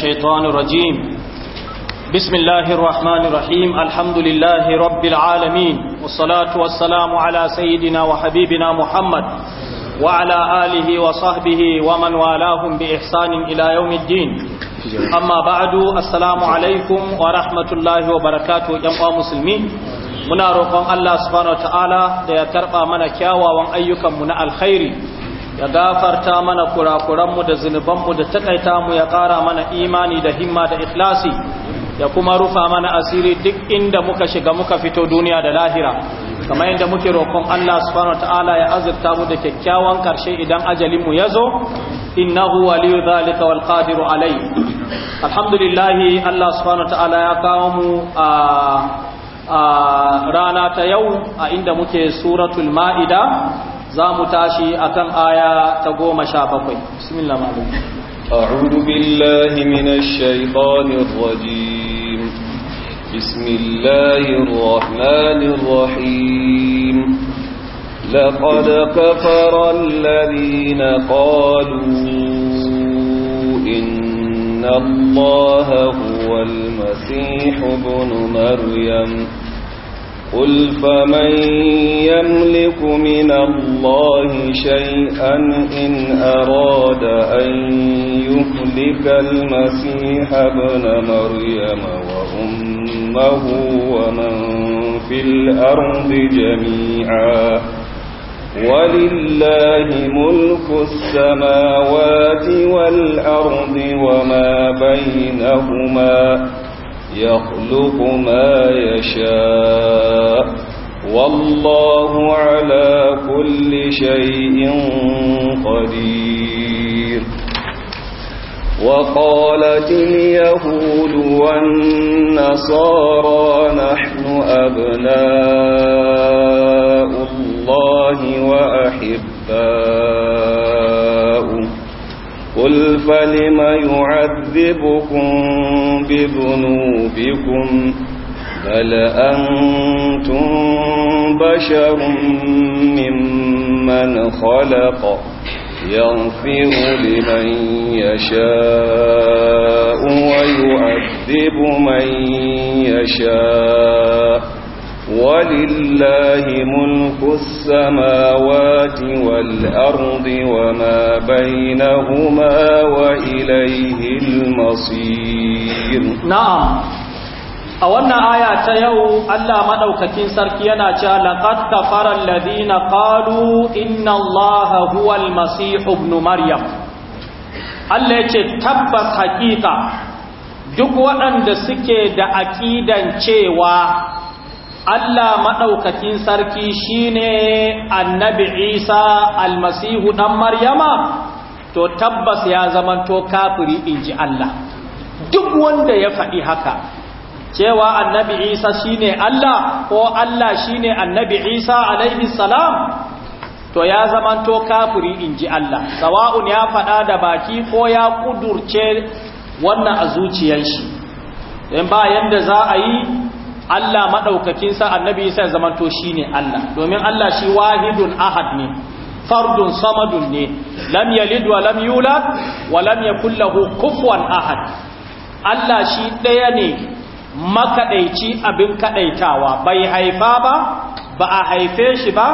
الشيطان الرجيم بسم الله الرحمن الرحيم الحمد لله رب العالمين والصلاة والسلام على سيدنا وحبيبنا محمد وعلى آله وصحبه ومن والاهم بإحسان إلى يوم الدين أما بعد السلام عليكم ورحمة الله وبركاته جمع مسلمين منا رقم الله سبحانه وتعالى ليترقى منا كاوا وأن أيكم ayyukanmu na ya gafarta mana kurakuranmu da zunubanmu da takaita mu ya ƙara mana imani da himma da ikhlasi ya kuma rufa mana asiri duk inda muka shiga muka fito duniya da lahira kamar yadda muke roƙon Allah subhanahu wataala ya azurta mu da kyakkyawan ƙarshe idan ajalin mu yazo innahu waliyu zalika wal qadiru alai alhamdulillah Allah subhanahu wataala ya kawo mu a rana ta yau a inda muke suratul ma'ida za تاشي tashi آية تقوم ta بسم الله bakwai bismillah أعوذ بالله من الشيطان الرجيم بسم الله الرحمن الرحيم لقد كفر الذين قالوا إن الله هو المسيح بن مريم قل فمن يملك من الله شيئا إن أراد أن يهلك المسيح ابن مريم وأمه ومن في الأرض جميعا ولله ملك السماوات والأرض وما بينهما يخلق ما يشاء والله على كل شيء قدير وقالت اليهود والنصارى نحن أبناء الله وأحباؤه قل فلم يعذبكم بذنوبكم بل أنتم بشر ممن خلق يغفر لمن يشاء ويعذب من يشاء ولله ملك السماوات والأرض وما بينهما وإليه المصير نعم a wannan aya ta yau Allah madaukakin sarki yana cewa laqad kafara alladhina qalu inna allaha huwal masih maryam Allah yace tabbas hakika duk waɗanda suke da aqidan cewa Allah maɗaukakin sarki shine annabi Isa almasihu ɗan Maryama to tabbas ya zamanto kafiri in ji Allah duk wanda ya faɗi haka cewa annabi Isa shine Allah ko Allah shine annabi Isa alaihi salam to ya zamanto kafiri in ji Allah sawa'un ya faɗa da baki ko ya ƙudurce wannan a zuciyar shi ba yanda za a yi Allah madaukakin sa annabi isa zamanto shine Allah domin Allah shi wahidun ahad ne fardun samadun ne lam yalid wa lam yulad wa lam yakul lahu kufuwan ahad Allah shi ɗaya ne makadaici abin kadaitawa bai haifa ba ba a haife shi ba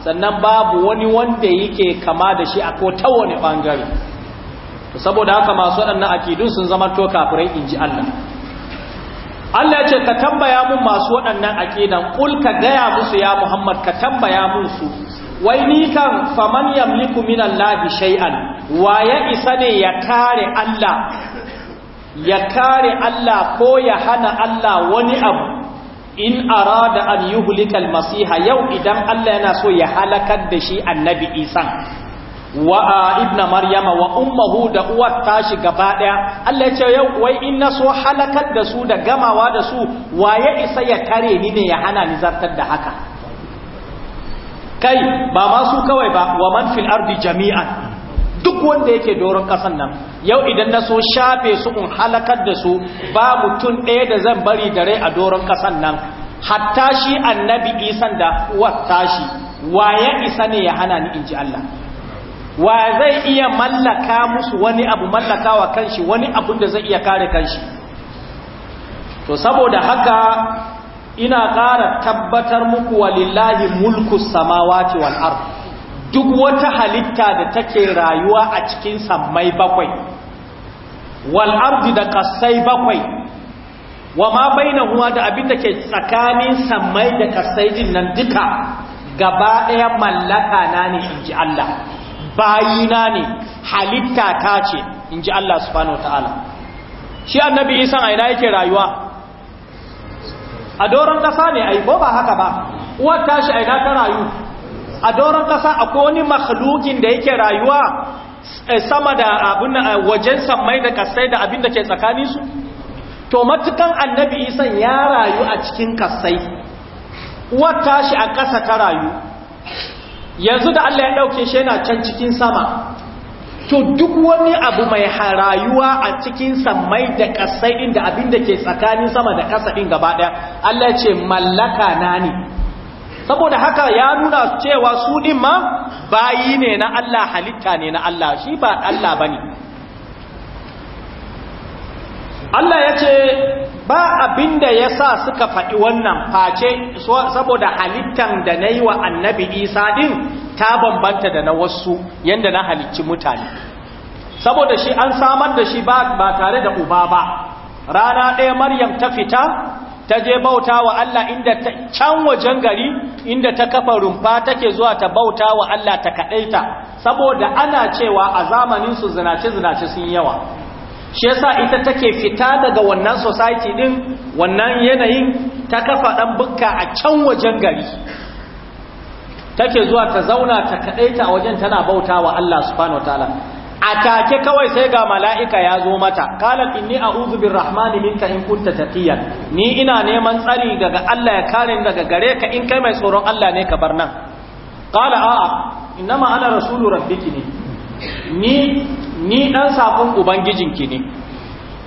sannan babu wani wanda yake kama da shi a ko ta wani bangare saboda haka masu waɗannan akidun sun zama to kafirai inji Allah Allah ce ka tambaya mun masu waɗannan aqidan kul ka gaya musu ya Muhammad ka tambaya mun su wai ni kan faman yamliku minallahi shay'an wa ya isa ne ya kare Allah ya kare Allah ko ya hana Allah wani abu in arada an yuhlikal masiha yau idan Allah yana so ya halakar da shi annabi Isa wa ibna maryama wa ummuhu da uwar tashi gaba daya Allah ya ce yau wai in na so halakar da su da gamawa da su waye isa ya tare ni ne ya hana ni zartar da haka kai ba ma su kawai ba wa man fil ardi jami'an duk wanda yake doron kasan nan yau idan na so shafe su in halakar da su ba mutun ɗaya da zan bari da rai a doron kasan nan hatta shi annabi isan da uwar tashi waye isa ne ya hana ni in ji Allah wa zai iya mallaka musu wani abu mallaka wa kanshi wani abu da zai iya kare kanshi to saboda haka ina ƙara tabbatar muku walillahi mulku samawati wal ardh duk wata halitta da take rayuwa a cikin samai bakwai wal ardh da kasai bakwai wa ma bainahuma da abin da ke tsakanin samai da kasai din nan duka gaba ɗaya mallaka na ne inji Allah bayina ne halitta ta ce in ji Allah subhanahu wa ta'ala shi annabi isa a yake rayuwa a doron ƙasa ne yi ko ba haka ba uwar tashi aina ta rayu a doron ƙasa akwai wani makhlukin da yake rayuwa eh, sama da abin da eh, wajen sammai da kasai da abin da ke su to matukan annabi isan ya rayu a cikin kasai uwar tashi a ƙasa ta rayu yanzu da Allah ya ɗauke shi yana can cikin sama to duk wani abu mai harayuwa a cikin samai da ƙasai ɗin da abin da ke tsakanin sama da ƙasa ɗin gaba ɗaya Allah ce mallaka na ne saboda haka ya nuna cewa su ɗin ma bayi ne na Allah halitta ne na Allah shi ba Allah ba ne Allah ya ce ba abinda ya sa suka faɗi wannan face saboda halittan da na yi wa annabi isa ɗin ta bambanta da na wasu yadda na halicci mutane saboda shi an samar da shi ba tare da uba ba rana ɗaya maryam ta fita ta je bauta wa Allah inda ta can wajen gari inda ta kafa rumfa take zuwa ta bauta wa Allah ta kaɗaita saboda ana cewa a zamanin su zinace-zinace sun yawa shi yasa ita take fita daga wannan society din wannan yanayin ta kafa dan bukka a can wajen gari take zuwa ta zauna ta kadaita a wajen tana bautawa Allah subhanahu wataala atake kawai sai ga mala'ika ya zo mata qalat inni a'udhu birrahmani minka in kunta taqiyan ni ina neman tsari daga Allah ya kare ni daga gare ka in kai mai tsoron Allah ne ka bar nan qala a'a innama ana rasulu rabbiki ne ni ni ɗan ubangijin ki ne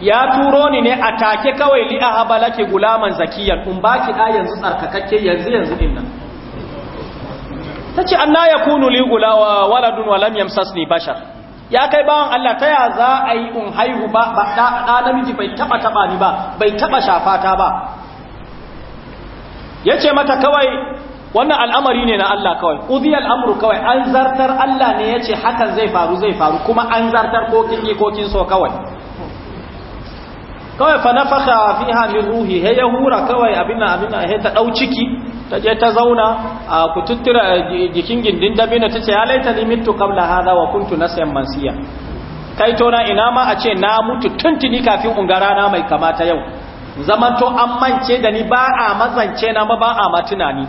ya turo ni ne a take kawai li ahaba laki gulaman zakiyan in baki da yanzu tsarkakakke yanzu yanzu din nan tace Allah ya kunu li gulawa waladun wa lam yamsasni bashar ya kai bawan Allah ta ya za a yi in haihu ba ba ɗa da namiji bai taba taba ni ba bai taba shafata ba yace mata kawai wannan al'amari ne na Allah kawai uzi al'amru kawai an zartar Allah ne ya ce hakan zai faru zai faru kuma an zartar kokin ikokin so kawai kawai fa nafaka fi min ruhi he ya hura kawai abinna abinna he ta dau ciki ta je ta zauna a kututtura jikin gindin dabina tace ya laita ni mitu qabla wa kuntu sayan mansiya kai tona ina ma a ce na mutu tuntuni kafin ungarana mai kamata yau zamanto an mance da ni ba a mazance na ma ba a ma tunani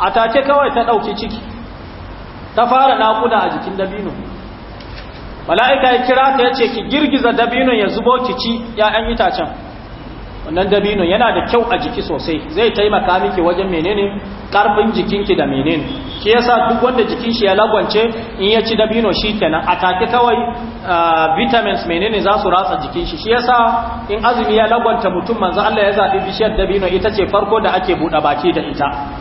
a take kawai ta ɗauki ciki ta fara naƙuda a jikin dabino mala'ika ya kira ta ya ce ki girgiza dabino ya zubo ki ci ‘ya'yan itacen wannan dabino yana da kyau a jiki sosai zai taimaka miki wajen menene ƙarfin jikinki da menene shi yasa duk wanda jikin shi ya lagwance in ya ci dabino shi kenan a take kawai vitamins menene za su ratsa jikin shi shi yasa in azumi ya lagwanta mutum manzo Allah ya zabi bishiyar dabino ita ce farko da ake buɗe baki da ita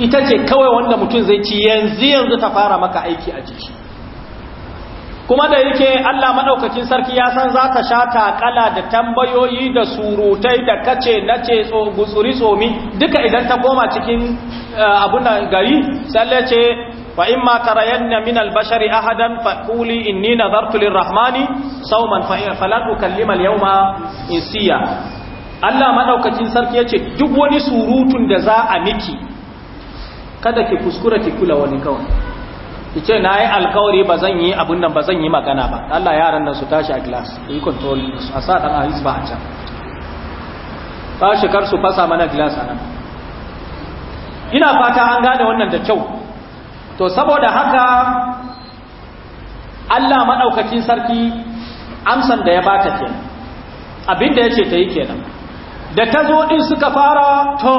ita ce kawai wanda mutum zai ci yanzu yanzu ta fara maka aiki a jiki kuma da yake Allah maɗaukacin sarki ya san za ta sha takala da tambayoyi da surutai da kace nace gutsuri tsomi duka idan ta koma cikin eh, abun gari tsalle ce fa in ma tarayanna min albashari ahadan fa quli inni nadartu lirrahmani sawman fa falan ukallima in insiya Allah maɗaukacin sarki yace duk wani surutun da za a miki kada ki kuskura ki kula wani kawai ki ce na yi alkawari ba zan yi abun nan ba zan yi magana ba Allah yaran nan su tashi a glass yi control su a sa dan a hisba a can tashi kar su fasa mana glass a nan ina fata an gane wannan da kyau to saboda haka Allah maɗaukakin sarki amsan da ya bata kenan abin da ya ce ta yi kenan da ta zo ɗin suka fara to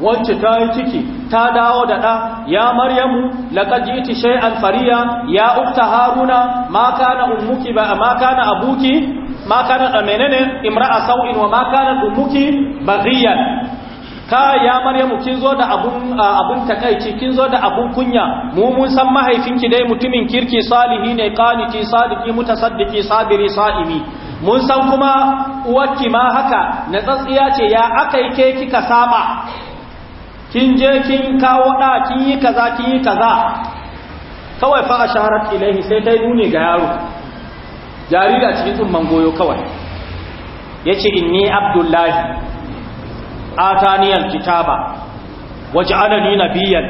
wacce ta yi ciki ta dawo da ɗa ya maryamu laqad jiti shay'an fariya ya ukta haruna ma kana ummuki ba ma kana abuki ma kana menene imra'a sau'in wa ma kana ummuki baghiyan ka ya maryamu kin zo da abun takaici kin zo da abun kunya mu mun san mahaifinki dai mutumin kirki salihi ne qaniti sadiki mutasaddiki sabiri sa'imi mun san kuma uwarki ma haka na tsatsiya ce ya akai ke kika saba kin je kin kawo ɗa kin yi kaza kin yi kaza kawai fa asharat ilaihi sai ta yi nuni ga yaro jariri a cikin tsumman goyo kawai yace inni abdullahi ataniyal kitaba waj'alani nabiyyan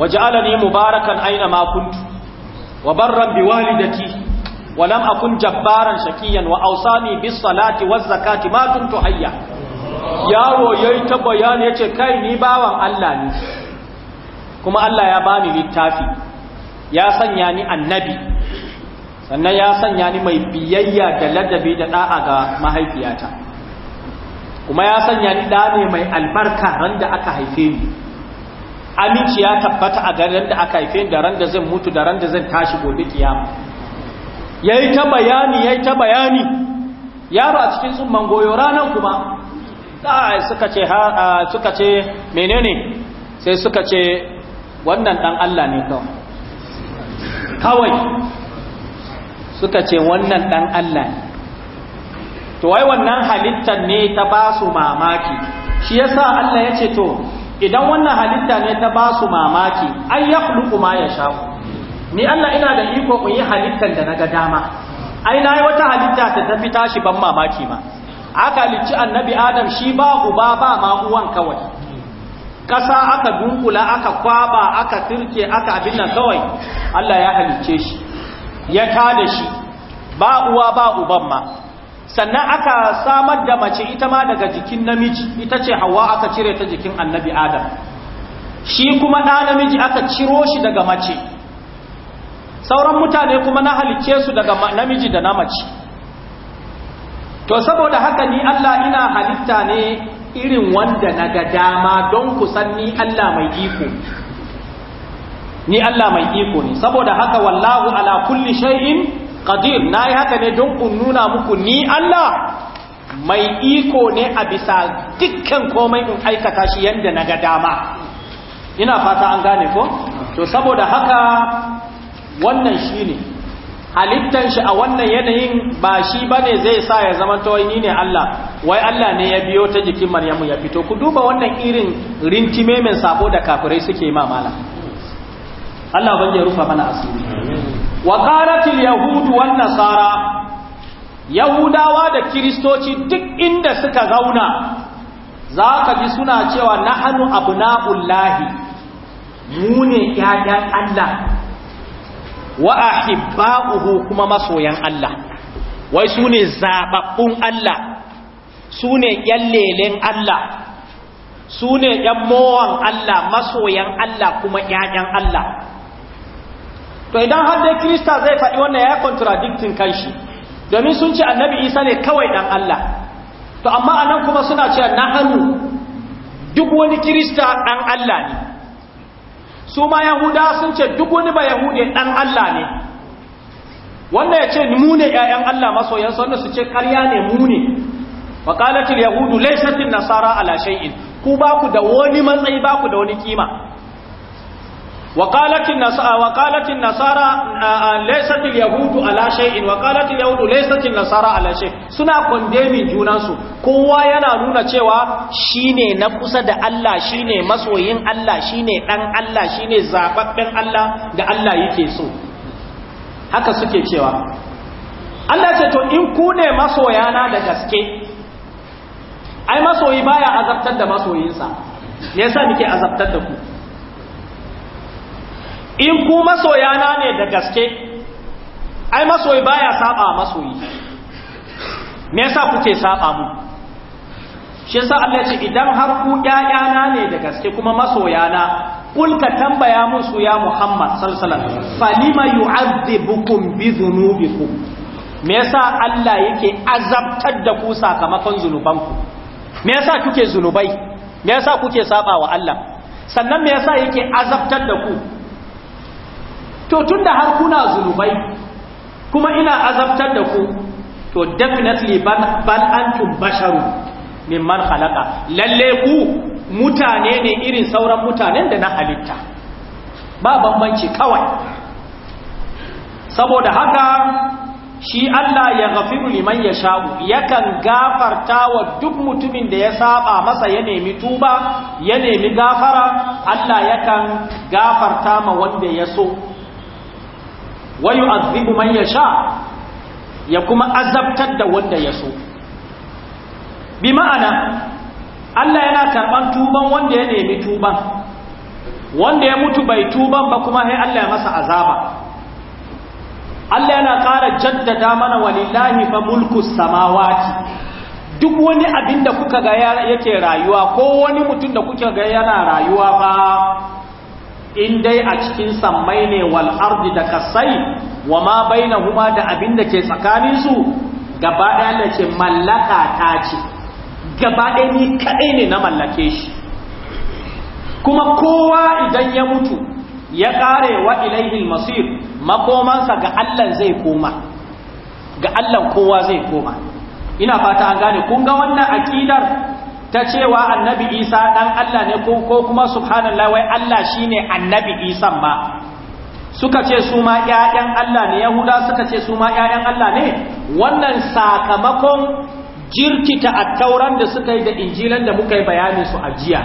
waj'alani mubarakan aina ma kuntu wa barran biwalidati wa lam akun jabbaran shakiyan wa awsani bis salati waz zakati ma kuntu hayya yaro ya yi ta bayani ya ce kai ni bawan Allah ne kuma Allah ya bani littafi ya sanya ni annabi sannan ya sanya ni mai biyayya da ladabi da da'a ga mahaifiyata kuma ya sanya ni da ne mai albarka randa aka haife ni aminci ya tabbata a garin da aka haife ni da ran zan mutu da randa da zan tashi gobe kiyama yayi ta bayani yayi ta bayani yaro a cikin tsumman goyo ranan kuma suka ce suka ce menene sai suka ce wannan dan Allah ne kawai kawai suka ce wannan dan Allah ne to wai wannan halittar ne ta ba su mamaki shi yasa Allah ya ce to idan wannan halitta ne ta ba su mamaki ai ya khluqu ma ya sha ni Allah ina da iko in yi halittar da naga dama ai nayi wata halitta ta tafi tashi ban mamaki ma aka halicci annabi adam shi ba uba ba ma uwan kawai ƙasa aka dunkula aka kwaba aka turke aka abin nan kawai Allah ya halicce shi ya tada shi ba uwa ba uban ma sannan aka samar da mace ita ma daga jikin namiji ita ce hawa aka cire ta jikin annabi adam shi kuma ɗa namiji aka ciro shi daga mace sauran mutane kuma na halicce su daga namiji da na mace to saboda haka ni Allah ina halitta ne irin wanda na ga dama don kusan ni Allah mai iko ni Allah mai iko ne saboda haka wallahu ala kulli shay'in qadir nayi haka ne don ku nuna muku ni Allah mai iko ne a bisa dukkan komai in aikata shi yanda na ga dama ina fata an gane ko to saboda haka wannan shine halittan shi a wannan yanayin ba shi bane zai sa ya zama ta ni ne Allah wai Allah ne ya biyo ta jikin Maryamu ya fito ku duba wannan irin rintime min sabo da kafirai suke ma mala Allah ban ya rufa mana asiri wa qalatil yahud wan nasara yahudawa da kristoci duk inda suka zauna zaka ji suna cewa nahnu abna'ullahi mu ne ƴaƴan Allah wa ahibba'uhu kuma masoyan Allah wai sune ne Allah Sune yallelen lelen Allah Sune ‘yan mowan Allah masoyan Allah kuma ‘ya'yan Allah to idan har dai krista zai faɗi wannan ya contradictin kanshi domin sun ce annabi isa ne kawai dan Allah to amma anan kuma suna cewa na hannu duk wani krista dan Allah ne su ma yahuda sun ce duk wani ba yahude dan Allah ne wanda ya ce mu ne ƴaƴan Allah sa wanda su ce ƙarya ne mu ne wa qalatil yahudu laysatin nasara ala shay'in ku ba ku da wani matsayi ba ku da wani kima وقالت النصارى وقالت النصارى ليست اليهود على شيء وقالت اليهود ليست النصارى على شيء suna condemning جونانسو كوا kowa yana nuna cewa shine na kusa da Allah shine masoyin Allah shine dan Allah shine zababben Allah da Allah yake so haka suke cewa Allah ce to in ku ne masoyana da gaske ai masoyi baya azabtar da masoyinsa me yasa nake azabtar da ku in ku masoyana ne da gaske ai masoyi baya saba masoyi me yasa kuke saba mu shi yasa Allah ya ce idan har ku ƴaƴana ne da gaske kuma masoyana kul ka tambaya musu ya Muhammad sallallahu alaihi wasallam falima yu'adhibukum bi dhunubikum me yasa Allah yake azabtar da ku sakamakon zunubanku me yasa kuke zunubai me yasa kuke saba wa Allah sannan me yasa yake azabtar da ku to tunda har kuna zunubai kuma ina azabtar da ku to definitely bal antum basharu man khalaqa lalle ku mutane ne irin sauran mutanen da na halitta ba bambanci kawai saboda haka shi Allah ya gafiru liman ya sha'u yakan gafarta wa duk mutumin da ya saba masa ya nemi tuba ya nemi gafara Allah yakan gafarta ma wanda ya so wa yu'adhibu man yasha ya kuma azabtar da wanda ya so bi ma'ana Allah yana karban tuban wanda ya nemi tuban wanda ya mutu bai tuban ba kuma sai Allah ya masa azaba Allah yana ƙara jaddada mana walillahi fa mulku samawati duk wani abin da kuka ga yake rayuwa ko wani mutum da kuka ga yana rayuwa ba? in dai a cikin sammai ne wal ardi da kasai wa ma bainahuma da abin da ke tsakanin su gaba ɗaya Allah ce mallaka ta ce gaba ɗaya ni kaɗai ne na mallake shi kuma kowa idan ya mutu ya ƙare wa ilaihil masir makomansa ga Allah zai koma ga Allah kowa zai koma ina fata an gane kun ga wannan aƙidar. ta cewa annabi isa ɗan Allah ne ko kuma subhanallah wai Allah shine annabi isan ma suka ce su ma ‘ya'yan Allah ne yahuda suka ce su ma ‘ya'yan Allah ne wannan sakamakon jirkita a tauran da suka yi da injilan da muka yi bayanin su a jiya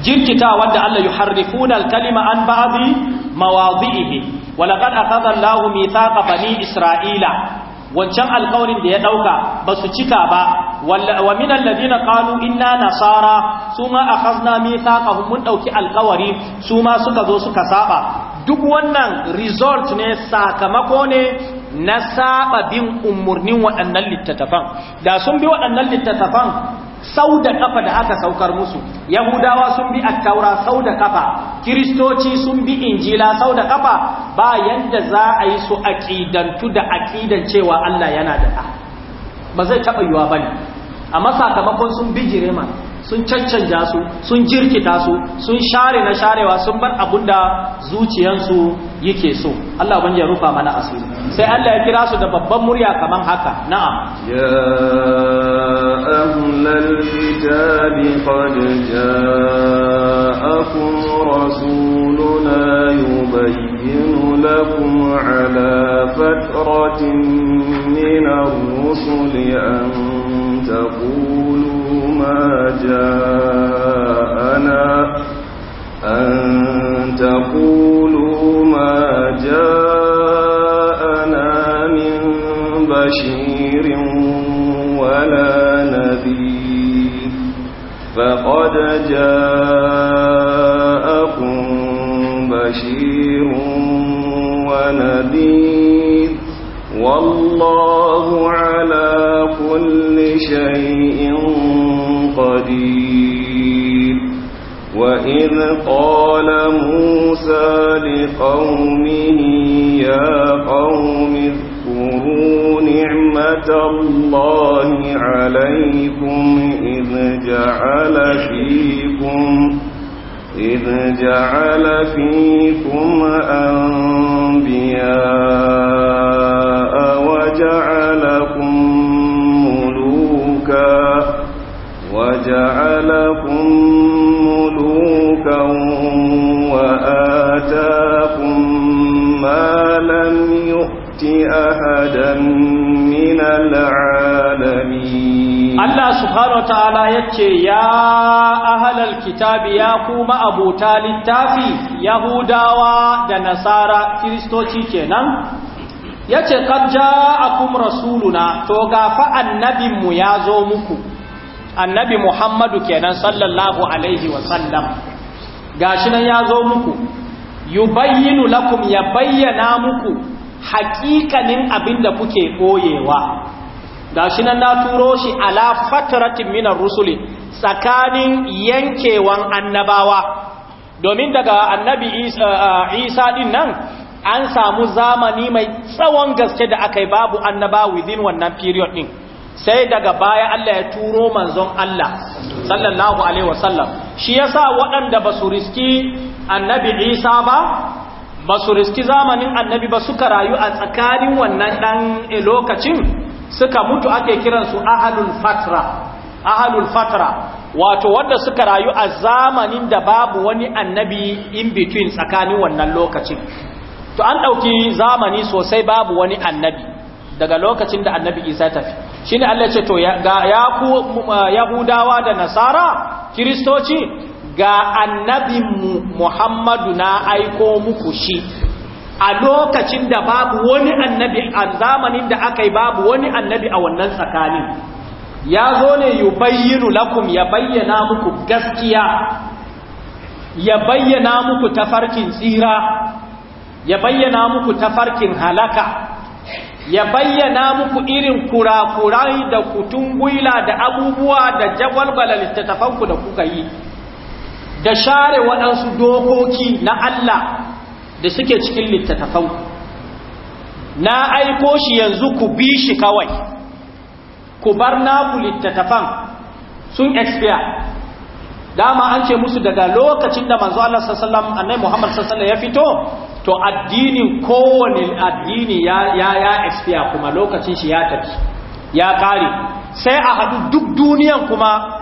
jirkita wanda Allah yi harrifuna kalima an ba'adi ne walaƙar a kazan lahu bani isra'ila wancan alƙawarin da ya ɗauka ba su cika ba wa min alladhina qalu inna nasara suma akhadna mithaqahum mun dauki alqawari suma suka zo suka saba duk wannan result ne sakamako ne na saba bin umurnin waɗannan littattafan da sun bi waɗannan littattafan sau da kafa da aka saukar musu yahudawa sun bi attaura sau da kafa kiristoci sun bi injila sau da kafa ba yadda za a yi su aƙidantu da aƙidan cewa Allah yana da ba zai taba ba bane A masakamakon sun bijire ma sun caccanja su sun jirkita su sun share na sharewa sun bar abunda zuciyansu yake so Allah ban ya rufa mana asiri sai Allah ya kira su da babban murya kaman haka na'am ya ahlal kitab qad ja'akum rasuluna yubayyinu lakum ala fatratin min ar-rusuli an تقولوا ما جاءنا أن تقولوا ما جاءنا من بشير ولا نذير فقد جاءكم بشير ونذير والله على كل شيء قدير وإذ قال موسى لقومه يا قوم اذكروا نعمة الله عليكم إذ جعل فيكم إذ جعل فيكم أن أحدا من العالمين الله سبحانه وتعالى يتشي يا أهل الكتاب يا قوم أبو تالي التافي يهودا ودنسارة كريستوشي كنا yace qad akum rasuluna to ga fa annabinmu yazo muku annabi Muhammadu kenan sallallahu alaihi wa sallam gashi nan zo muku yubayyinu lakum ya bayyana muku haƙiƙanin abinda kuke ɓoyewa da shi nan na turo shi ala fataratin minar rusuli tsakanin yankewan annabawa domin daga annabi uh, uh, isa din nan an samu zamani mai tsawon gaske da aka yi babu annaba within wannan period ɗin. sai daga baya Allah ya turo manzon Allah sallallahu alaihi wasallam shi yasa waɗanda ba su riski annabi isa ba ba su riski zamanin annabi ba suka rayu a tsakanin wannan ɗan eh, lokacin suka mutu ake kiransu ahalul fatra ahalul fatra wato wanda suka rayu a zamanin da babu wani annabi in between tsakanin wannan lokacin to an ɗauki zamani sosai babu wani annabi daga lokacin da annabi isa tafi shi ne allah ce to ya ku eh, yahudawa da nasara kiristoci ga annabinmu Muhammadu na aiko muku shi a lokacin da babu wani annabi a zamanin da aka yi babu wani annabi a wannan tsakanin ya zo ne yi bayyinu lakum ya bayyana muku gaskiya ya bayyana muku tafarkin tsira ya bayyana muku tafarkin halaka ya bayyana muku irin kurakurai da kutungwila da abubuwa da jagwalgwala littattafanku da kuka yi da share waɗansu dokoki na Allah da suke cikin littattafan na aiko shi yanzu ku bi shi kawai ku bar naku littattafan sun expire dama an ce musu daga lokacin da manzo Allah sallallahu alaihi Wasallam Muhammad sallallahu alaihi ya fito to addinin kowane addini ya ya ya expire kuma lokacin shi ya tafi ya kare sai a hadu duk duniyan kuma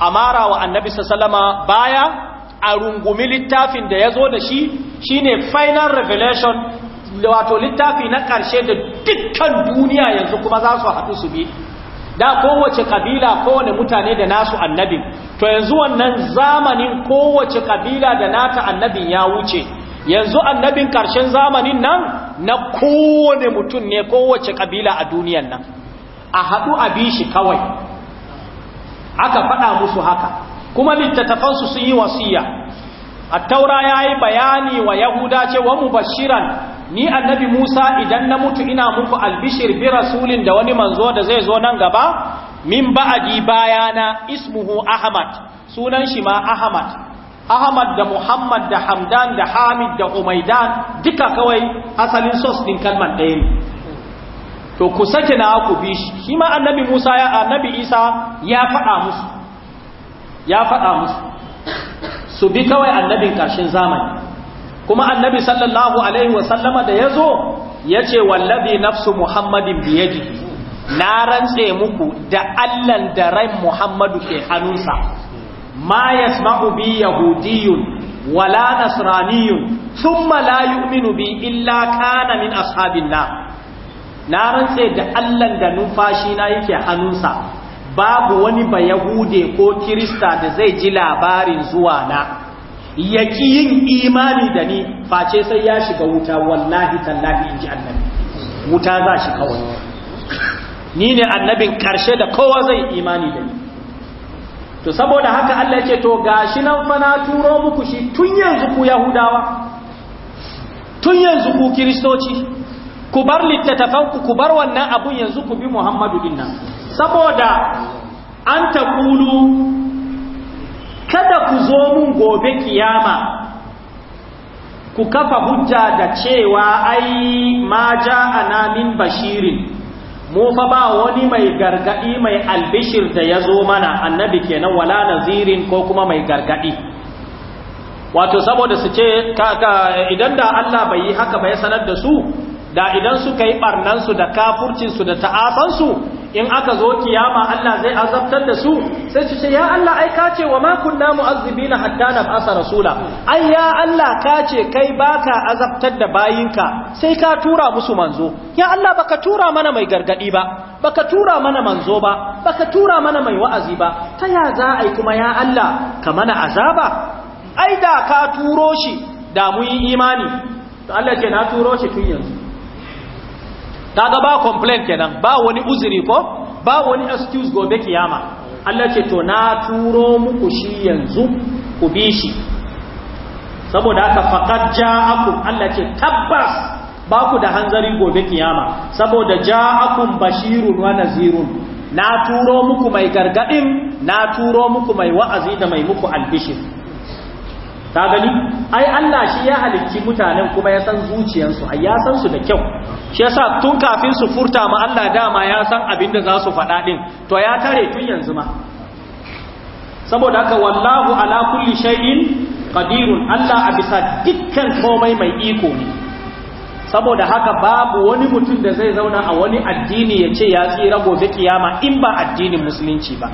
amara wa annabi sallama baya a rungumi littafin da ya zo da shi shine final revelation wato littafi na ƙarshe da dukkan duniya yanzu kuma za su haɗu su bi da kowace kabila kowane mutane da nasu annabi to yanzu wannan zamanin kowace kabila da nata annabin ya wuce yanzu annabin karshen zamanin nan na kowane mutum ne kowace kabila a duniyan nan a haɗu a bi shi kawai aka faɗa musu haka kuma littattafansu sun yi wasiya attaura ya yi bayani wa yahuda cewa mubashiran ni annabi musa idan na mutu ina muku albishir bi rasulin da wani manzo da zai zo nan gaba min ba'adi bayana ismuhu ahmad sunan shi ma ahmad ahmad da muhammad da hamdan da hamid da umaidan duka kawai asalin sos din kalmar ɗaya ne to ku sake na ku bi shi shi ma annabi Musa ya annabi Isa ya faɗa musu ya faɗa musu su bi kawai annabin ƙarshen zamani kuma annabi sallallahu alaihi wasallama da ya zo ya ce wallabi nafsu muhammadin biyadi na rantse muku da allan da rai muhammadu ke hannunsa ma yasma'u bi yahudiyun wala nasraniyun thumma la yu'minu bi illa kana min ashabin nar na rantse da allan da numfashi na yake hannunsa babu wani ba yahude ko kirista da zai ji labarin zuwa na ya yin imani da ni face sai ya shiga wuta wallahi tallahi in ji annabi wuta za shi kawai ni ne annabin karshe da kowa zai imani da ni to saboda haka Allah ya ce to gashi nan fa na turo muku shi tun yanzu ku yahudawa tun yanzu ku kiristoci ku bar littattafanku ku bar wannan abun yanzu ku bi Muhammadu din saboda an ta kulu kada ku zo mun gobe kiyama ku kafa hujja da cewa ai ma ja'ana min bashirin mu fa ba wani mai gargadi mai albishir da ya zo mana annabi kenan wala nazirin ko kuma mai gargadi wato saboda su ce idan da Allah bai yi haka ba ya sanar da su da idan suka yi barnansu da kafurcinsu da ta'afansu in aka zo kiyama Allah zai azabtar da su sai su ce ya Allah ai ka ce wa ma kunna mu'azzibina hatta nab'asa rasula ai ya Allah ka ce kai baka azabtar da bayinka sai ka tura musu manzo ya Allah baka tura mana mai gargadi ba baka tura mana manzo ba baka tura mana mai wa'azi ba ta ya za ai kuma ya Allah ka mana azaba ai da ka turo shi da mu yi imani to Allah ce na turo shi tun yanzu kaga ba complaint kenan ba wani uzuri ko ba wani excuse gobe kiyama Allah ce to na turo muku shi yanzu ku bi shi saboda haka faqad ja'akum Allah ce tabbas ba ku da hanzari gobe kiyama saboda ja'akum bashirun wa nazirun na turo muku mai gargadin na turo muku mai wa'azi da mai muku albishir ta gani ai Allah shi ya halicci mutanen kuma ya san zuciyarsu ai ya san su da kyau shi yasa tun kafin su furta ma Allah dama ya san abin da za su faɗa din to ya tare tun yanzu ma saboda haka wallahu ala kulli shay'in qadirun Allah a bisa dukkan komai mai iko ne saboda haka babu wani mutum da zai zauna a wani addini ya ce ya tsira gobe kiyama in ba addinin musulunci ba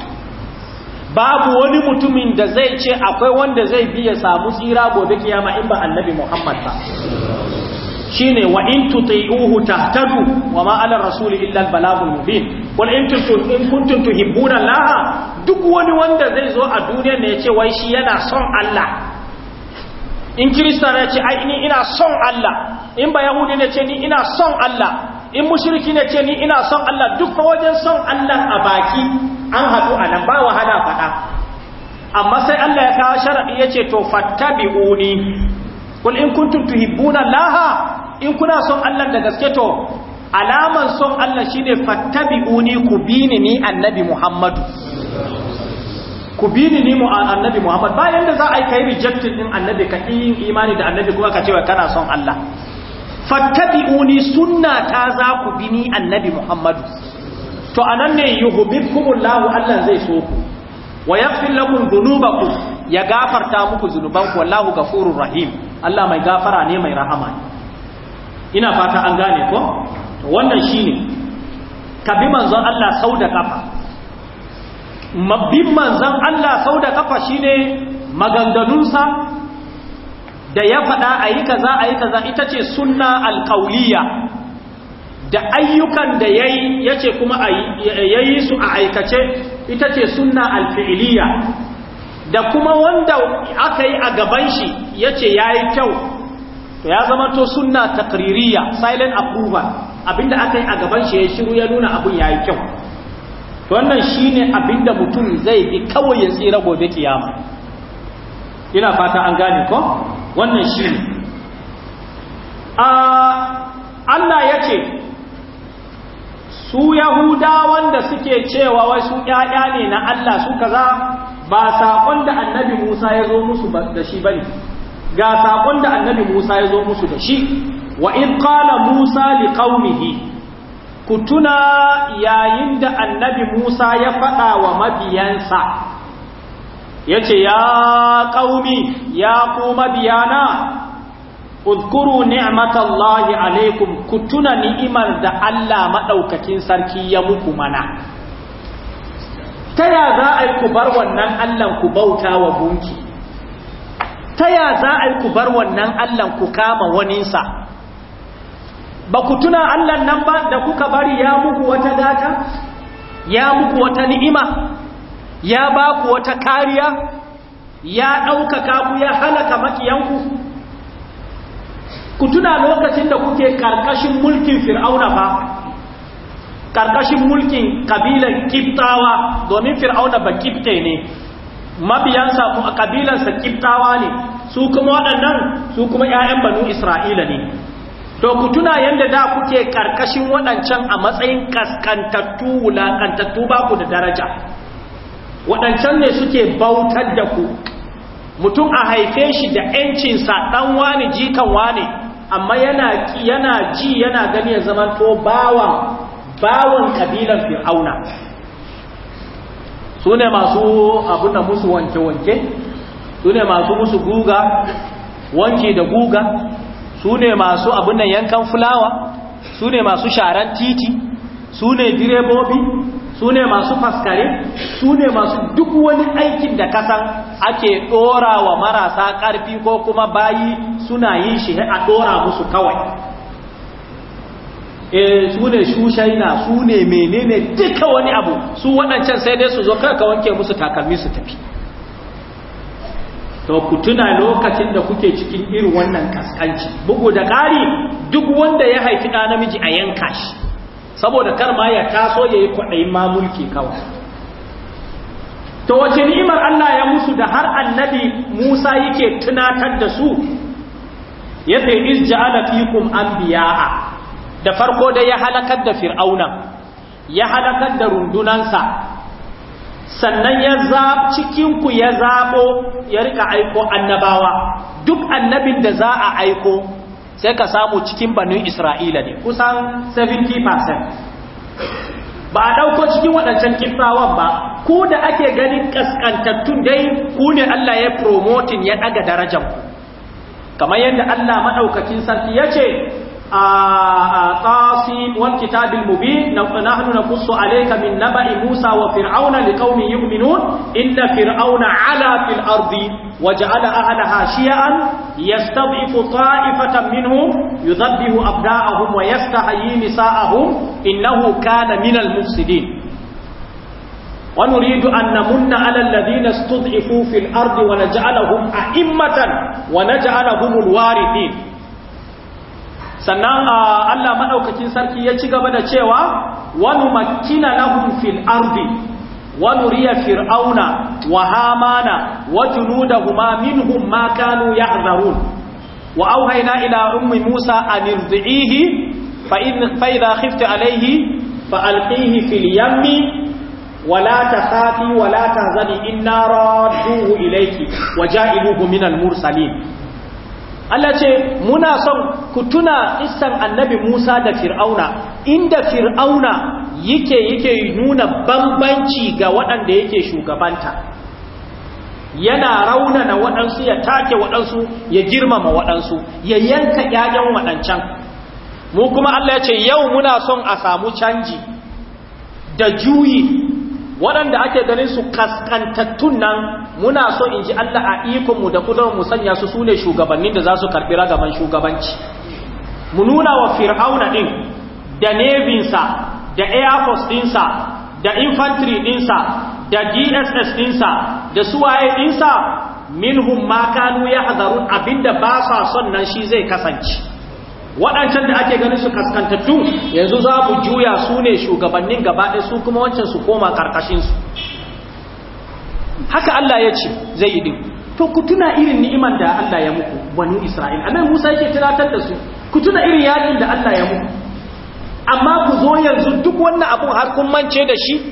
babu wani mutumin da zai ce akwai wanda zai biya samu tsira gobe kiyama in ba annabi Muhammad ba shine wa in tuti'uhu tahtadu wa ma ala rasul illa al balagul mubin wal in kuntum tuhibbuna Allah duk wani wanda zai zo a duniya ne ya ce wai shi yana son Allah in kirista ne ce ai ni ina son Allah in ba yahudi ne ce ni ina son Allah in mushriki ne ce ni ina son Allah duk wajen son Allah a baki an haɗu a nan ba wahala faɗa amma sai Allah ya kawo sharaɗi ya ce to fattabi'uni kul in kuntum tuhibbuna laha in kuna son Allah da gaske to alaman son Allah shine fattabi'uni ku bi ni ni annabi Muhammadu ku bi ni ni annabi Muhammad bayan da za a yi kai rejected din annabi ka yi imani da annabi kuma ka ce wa kana son Allah fattabi'uni sunnata za ku bi ni annabi Muhammadu to anan ne yuhibbukumullahu Allah zai so ku wa yaghfir lakum dhunubakum ya gafarta muku zunubanku wallahu ghafurur rahim Allah mai gafara ne mai rahama ina fata an gane ko wannan shine kabi manzon Allah sau da kafa mabbin manzon Allah sau da kafa shine maganganunsa da ya faɗa a yi kaza a yi kaza ita ce sunna alƙauliya da ayyukan da yayi yace kuma yayi su a aikace ita ce sunna alfi'iliya da kuma wanda aka yi a gaban shi yace yayi kyau to ya zama to sunna takririya silent approval abinda aka yi a gaban shi ya shiru ya nuna abun yayi kyau to wannan shine abinda mutum zai bi kawai ya tsira gobe kiyama ina fata an gane ko wannan shine a ah, Allah yace su yahudawan da suke cewa wai su ƴaƴa ne na Allah su kaza ba saƙon da annabi Musa ya zo musu da shi bane ga saƙon da annabi Musa ya zo musu da shi wa in qala Musa li ku kutuna yayin da annabi Musa ya faɗa wa mabiyansa yace ya qaumi ya ku mabiyana uzkuru ni'matallahi alaikum ku tuna ni'imar da Allah madaukakin sarki ya muku mana ta ya za a yi ku bar wannan Allah ku bauta wa gunki ta ya za a yi ku bar wannan Allah ku kama waninsa ba ku tuna Allah nan ba da kuka bari ya muku wata data ya muku wata ni'ima ya ba ku wata kariya ya ɗaukaka ku ya halaka makiyanku ku tuna lokacin da kuke karkashin mulkin fir'auna ba karkashin mulkin kabilan kiftawa domin fir'auna ba kifte ne mabiyansa kuma kabilansa kiftawa ne su kuma waɗannan su kuma 'ya'yan banu isra'ila ne to ku tuna yadda da kuke karkashin waɗancan a matsayin kaskantattu wulakantattu ba ku da daraja waɗancan ne suke bautar da ku mutum a haife shi da ‘yancinsa ɗan wani jikan wani amma yana yana ji yana gani ya zama to bawan bawan kabilan fir'auna su masu abun da musu wanke-wanke sune masu musu guga wanke da guga sune masu abun nan yankan fulawa sune masu sharan titi sune direbobi su ne masu faskare su ne masu duk wani aikin da kasan ake ɗora wa marasa ƙarfi ko kuma bayi suna yin shi a ɗora musu kawai e eh, su ne shushaina su ne menene duka wani abu su waɗancan sai dai su zo kaka wanke musu takalmi su tafi to ku tuna lokacin da kuke cikin irin wannan kaskanci bugu da ƙari duk wanda ya haifi ɗa namiji a yanka shi saboda kar ma ya taso ya yi kwaɗayin ma mulki kawai to wace ni'imar Allah ya musu da har annabi Musa yake tunatar da su ya ce iz ja'ala fikum anbiya'a da farko da ya halakar da fir'auna ya halakar da rundunansa sannan ya zab cikin ya zabo ya rika aiko annabawa duk annabin da za a aiko sai ka samu cikin banin isra'ila ne kusan 70% ba a ɗauko cikin waɗancan kifawan ba ku da ake ganin ƙasƙantattun dai ku ne allah ya promotin ya ɗaga darajanku kamar yadda allah maɗaukakin sarki ya ce قاسم آه، آه، والكتاب المبين نحن نقص عليك من نبأ موسى وفرعون لقوم يؤمنون إن فرعون علا في الأرض وجعل أهلها شيئا يستضعف طائفة منهم يذبه أبناءهم ويستحيي نساءهم إنه كان من المفسدين ونريد أن نمن على الذين استضعفوا في الأرض ونجعلهم أئمة ونجعلهم الوارثين sannan ah, Allah maɗaukakin sarki ya ci gaba da cewa wani makina na fil ardi wani riya fir'auna wa hamana wa junudahuma minhum ma kanu ya'dharun wa auhayna ila ummi musa an irdihi fa in fa idha khifta alayhi fa alqihi fil yammi wa la takhafi wa la tahzani inna radduhu ilayki wa ja'iluhu minal mursalin Allah ce muna son ku tuna istan annabi Musa da Fir'auna inda Fir'auna yake yake nuna bambanci ga waɗanda yake shugabanta yana raunana waɗansu ya take waɗansu ya girmama waɗansu ya yanka ƴaƴan waɗancan mu kuma Allah ya ce yau muna son a samu canji da juyi waɗanda ake ganin su kaskantattun nan muna so in ji Allah a ikonmu da kudurin mu sanya su sune shugabannin da za su karɓi ragaban shugabanci mu nuna wa fir'auna ɗin da nevinsa da air force ɗinsa da infantry ɗinsa da dss ɗinsa da suwaye ɗinsa min hun kanu ya hazarun abinda ba sa son nan shi zai kasance waɗancan da ake ganin su kaskantattu yanzu za mu juya su ne shugabannin gabaɗe su kuma wancan su koma ƙarƙashinsu haka Allah ya ce zai yi to ku tuna irin ni'imar da Allah ya muku wani Isra'il anan Musa yake tunatar da su ku tuna irin yakin da Allah ya muku amma ku zo yanzu duk wannan abun har kun mance da shi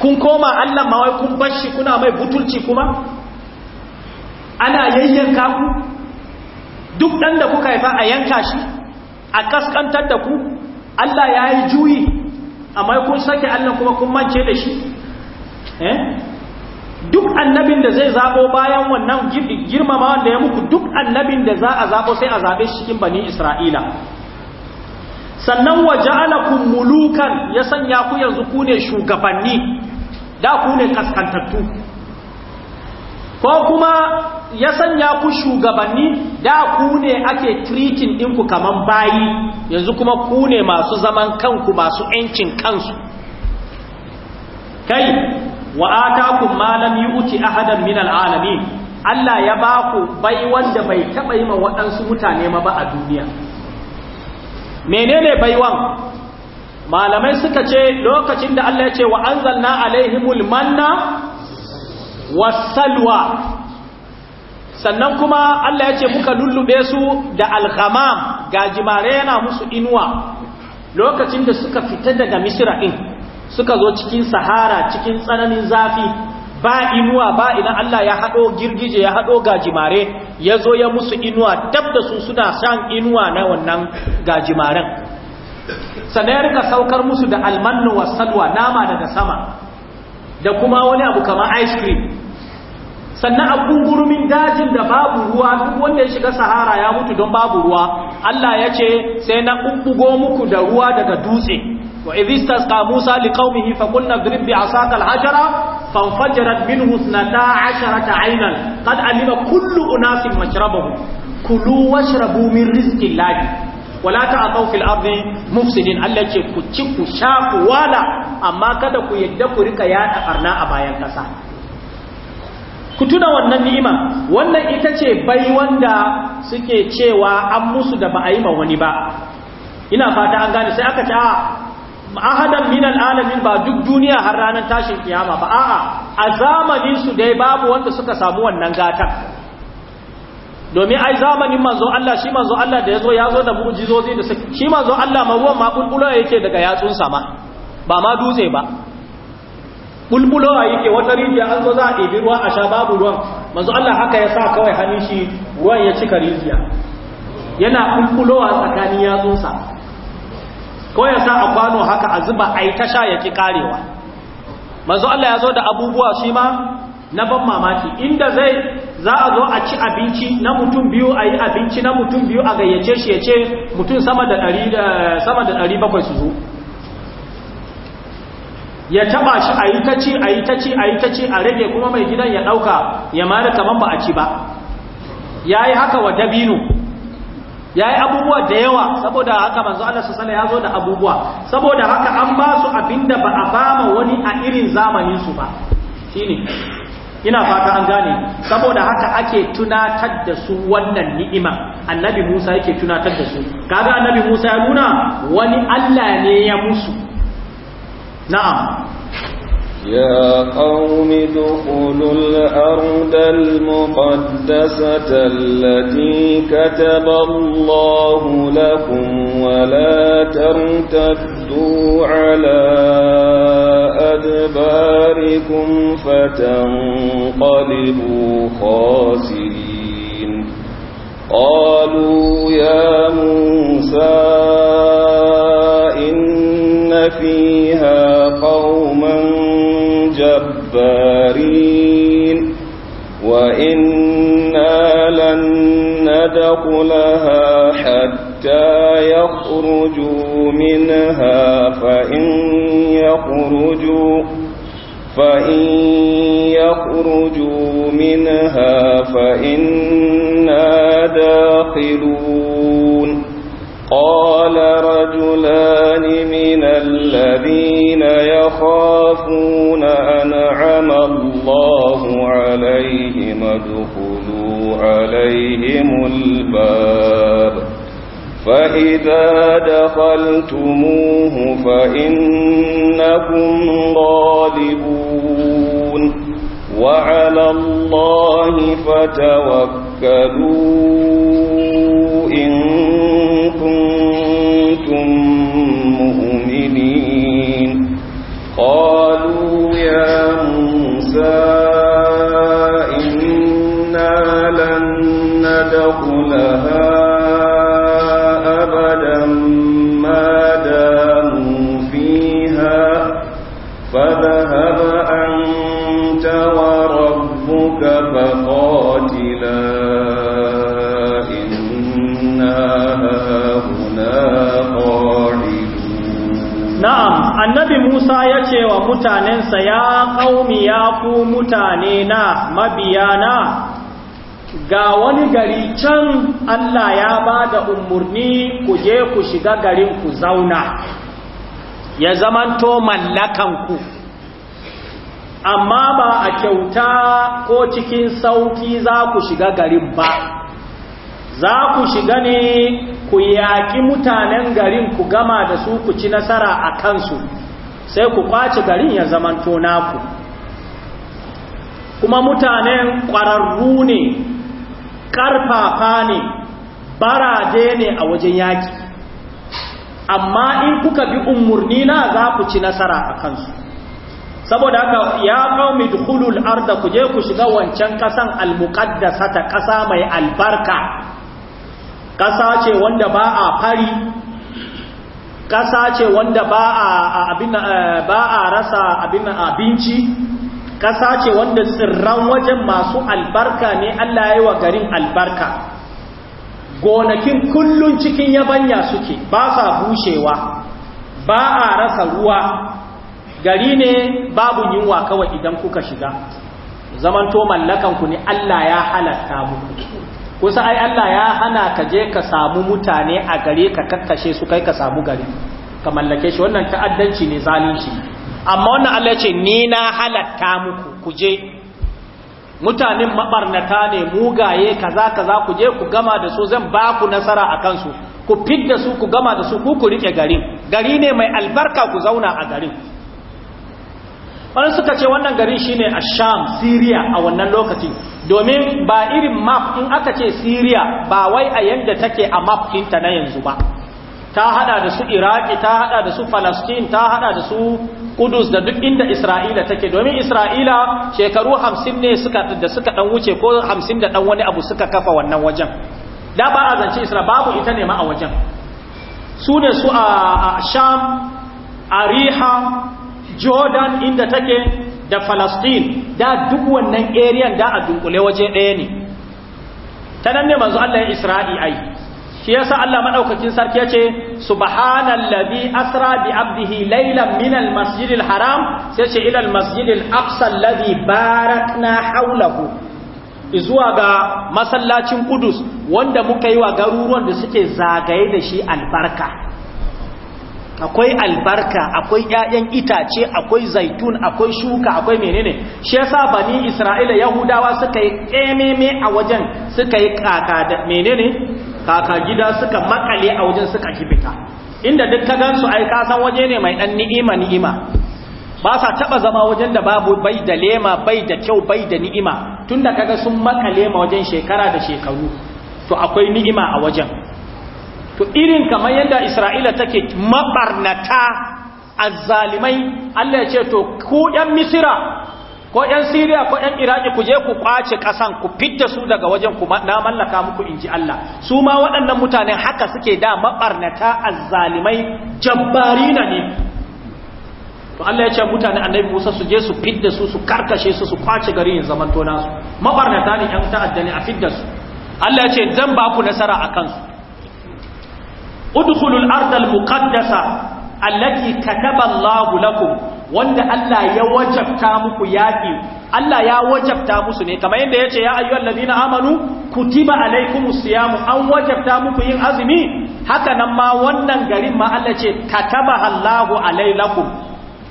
kun koma Allah ma wai kun bar shi kuna mai butulci kuma ana yayyanka ku duk ɗan da kuka haifa a yanka shi a kaskantar da ku Allah ya yi juyi amma kun sake Allah kuma kun mance da shi eh? duk annabin da zai zaɓo bayan wannan girmama da ya muku duk annabin da za a zaɓo sai a zaɓe shi cikin bani Isra'ila sannan waje kun mulukan ya sanya ku yanzu ku ne shugabanni da ku ne kaskantattu ko kuma ya sanya ku shugabanni da ku ne ake treating ɗinku kamar bayi yanzu kuma ku ne masu zaman kanku masu ‘yancin kansu kai wa atakum malam yi uti ahadan min alami Allah ya ba ku bai wanda bai taɓa yi ma waɗansu mutane ma ba a duniya menene baiwan malamai suka ce lokacin da Allah ya ce wa anzalna alaihimul manna wasalwa sannan kuma Allah ya ce muka lullube su da alghamam gajimare yana musu inuwa lokacin da suka fita daga misira ɗin suka zo cikin sahara cikin tsananin zafi ba inuwa ba idan Allah ya haɗo girgije ya haɗo gajimare ya zo ya musu inuwa dab da su suna shan inuwa na wannan gajimaren sannan ya saukar musu da almannu wa salwa nama daga sama da kuma wani abu kamar ice cream sannan a dajin da babu ruwa duk wanda ya shiga sahara ya mutu don babu ruwa Allah ya ce sai na ɓuɓɓugo muku da ruwa daga dutse wa izistas ka musa liƙaumihi fa kunna drib bi asaka alhajara fanfajarat minhu thnata asharata aynan qad alima kullu unasin mashrabahu kulu washrabu min rizqillahi wala ta a fil ardi mufsidin Allah ce ku ci ku sha ku wala amma kada ku yadda ku rika yada ɓarna a bayan kasa ku tuna wannan ni'ima wannan ita ce bai wanda suke cewa an musu da ba a yi ma wani ba ina fata an gane sai aka ce a ahadan min alamin ba duk duniya har ranar tashin kiyama ba a'a a zamanin su dai babu wanda suka samu wannan gatan domin ai zamanin manzo Allah shi manzo Allah da yazo yazo da mu'jizozi da shi manzo Allah ma ruwan ma bulbulo yake daga yatsun sama ba ma dutse ba bulbulowa yake wata rijiya an zo za a ɗebi ruwa a sha babu ruwan manzo Allah haka ya sa kawai hannun shi ruwan ya cika rijiya yana bulbulowa tsakanin yatsunsa ko ya sa a kwano haka a zuba a yi ta sha ya karewa manzo Allah ya zo da abubuwa shi ma na ban mamaki inda zai za a zo a ci abinci na mutum biyu a yi abinci na mutum biyu a gayyace shi ya ce mutum sama da 700 eh, su zo ya taba shi a yi ta ci a yi ta ci a yi ta ci a rage kuma mai gidan ya ɗauka ya mara kaman ba a ci ba ya yi haka wa dabino ya yi abubuwa da yawa saboda haka manzo Allah su sana ya zo da abubuwa saboda haka an ba su abin ba a fama wani a irin zamaninsu ba shine ina fata an gane saboda haka ake tunatar da su wannan ni'ima annabi Musa yake tunatar da su kaga annabi Musa ya nuna wani Allah ne ya musu نعم يا قوم دخلوا الأرض المقدسة التي كتب الله لكم ولا ترتدوا على أدباركم فتنقلبوا خاسرين قالوا يا موسى إن في الجبارين وإنا لن ندخلها حتى يخرجوا منها فإن يخرجوا فإن يخرجوا منها فإنا داخلون قال رجلان من الذين يخافون أنعم الله عليهم ادخلوا عليهم الباب فإذا دخلتموه فإنكم غالبون وعلى الله فتوكلون كنتم مؤمنين قالوا يا موسى wa mutanensa ya ƙaumi ya ku mutane na mabiyana ga wani gari can Allah ya bada umurni ku je ku shiga garin ku zauna ya zamanto mallakanku amma ba a kyauta ko cikin sauki za ku shiga garin ba za ku shiga ne ku yaƙi mutanen garin ku gama da su ku ci nasara a kansu sai ku kwace garin ya zamanto naku kuma mutanen ƙwararru ne ƙarfafa ne baraje ne a wajen yaƙi amma in kuka bi umarni na za ku ci nasara a kansu saboda haka ya qaumi dukhulul arda ku je ku shiga wancan ƙasan almuqaddasa ta kasa mai albarka Ƙasa ce wanda ba a fari ƙasa ce wanda ba a eh, rasa abin eh, abinci ƙasa ce wanda tsirran wajen masu albarka ne Allah ya yi wa garin albarka gonakin kullun cikin yabanya suke ba sa bushewa ba a rasa ruwa gari ne babu yunwa kawai idan kuka shiga zamanto ku ne Allah ya halatta muku kusa ai Allah ya hana ka je ka samu mutane a gare ka kakkashe su kai ka samu gari ka mallake shi wannan ta'addanci ne zalunci amma wannan Allah ya ce ni na halatta muku ku je mutanen mabarnata ne mugaye kaza kaza ku je ku gama da su zan ba ku nasara a kansu ku fidda su ku gama da su ku ku rike garin gari ne mai albarka ku zauna a garin wani suka ce wannan gari shine asham syria a wannan lokaci domin ba irin map in aka ce syria ba wai a yadda take a map ɗinta na yanzu ba ta hada da su iraki ta hada da su falastin ta hada da su kudus da duk inda isra'ila take domin isra'ila shekaru hamsin ne suka da suka dan wuce ko hamsin da dan wani abu suka kafa wannan wajen da ba a zance isra babu ita ne ma a wajen su ne su a sham ariha jordan inda take da Falastin, da duk wannan area da a dunkule waje ɗaya ne ta nan ne manzo Allah ya isra'i ai shi yasa Allah maɗaukakin sarki ya ce labi asra bi abdihi laylan minal masjidil haram sai ce ilal masjidil aqsa allazi barakna hawlahu zuwa ga masallacin Kudus, wanda muka yi wa garuruwan da suke zagaye da shi albarka akwai albarka akwai ƴaƴan itace akwai zaitun akwai shuka akwai menene shi yasa bani isra'ila yahudawa suka yi ƙememe a wajen suka yi kaka da menene kaka gida suka makale a wajen suka kibita inda duk ka gansu ai ka san waje ne mai dan ni'ima ni'ima ba sa taba zama wajen da babu bai da lema bai da kyau bai da ni'ima tunda kaga sun makale ma wajen shekara da shekaru to akwai ni'ima a wajen to irin kamar yadda isra'ila take mabarnata azzalimai Allah ya ce to ku ɗan misira ko ɗan siriya ko ɗan iraki ku je ku kwace ƙasan ku fidda su daga wajen ku na mallaka muku inji Allah su ma waɗannan mutanen haka suke da mabarnata azzalimai na ne to Allah ya ce mutane annabi Musa su je su fidda su su karkashe su su kwace garin yin zaman tona su mabarnata ne yan ta'addani ne a fidda su Allah ya ce zan ba ku nasara a kansu udkhulul ardal muqaddasa allati kataba Allahu lakum wanda Allah ya wajabta muku yaki Allah ya wajabta musu ne kamar yadda yace ya ayyuhal ladina amanu kutiba siya siyam an wajabta muku yin azumi haka nan ma wannan garin ma Allah ce kataba Allahu alaikum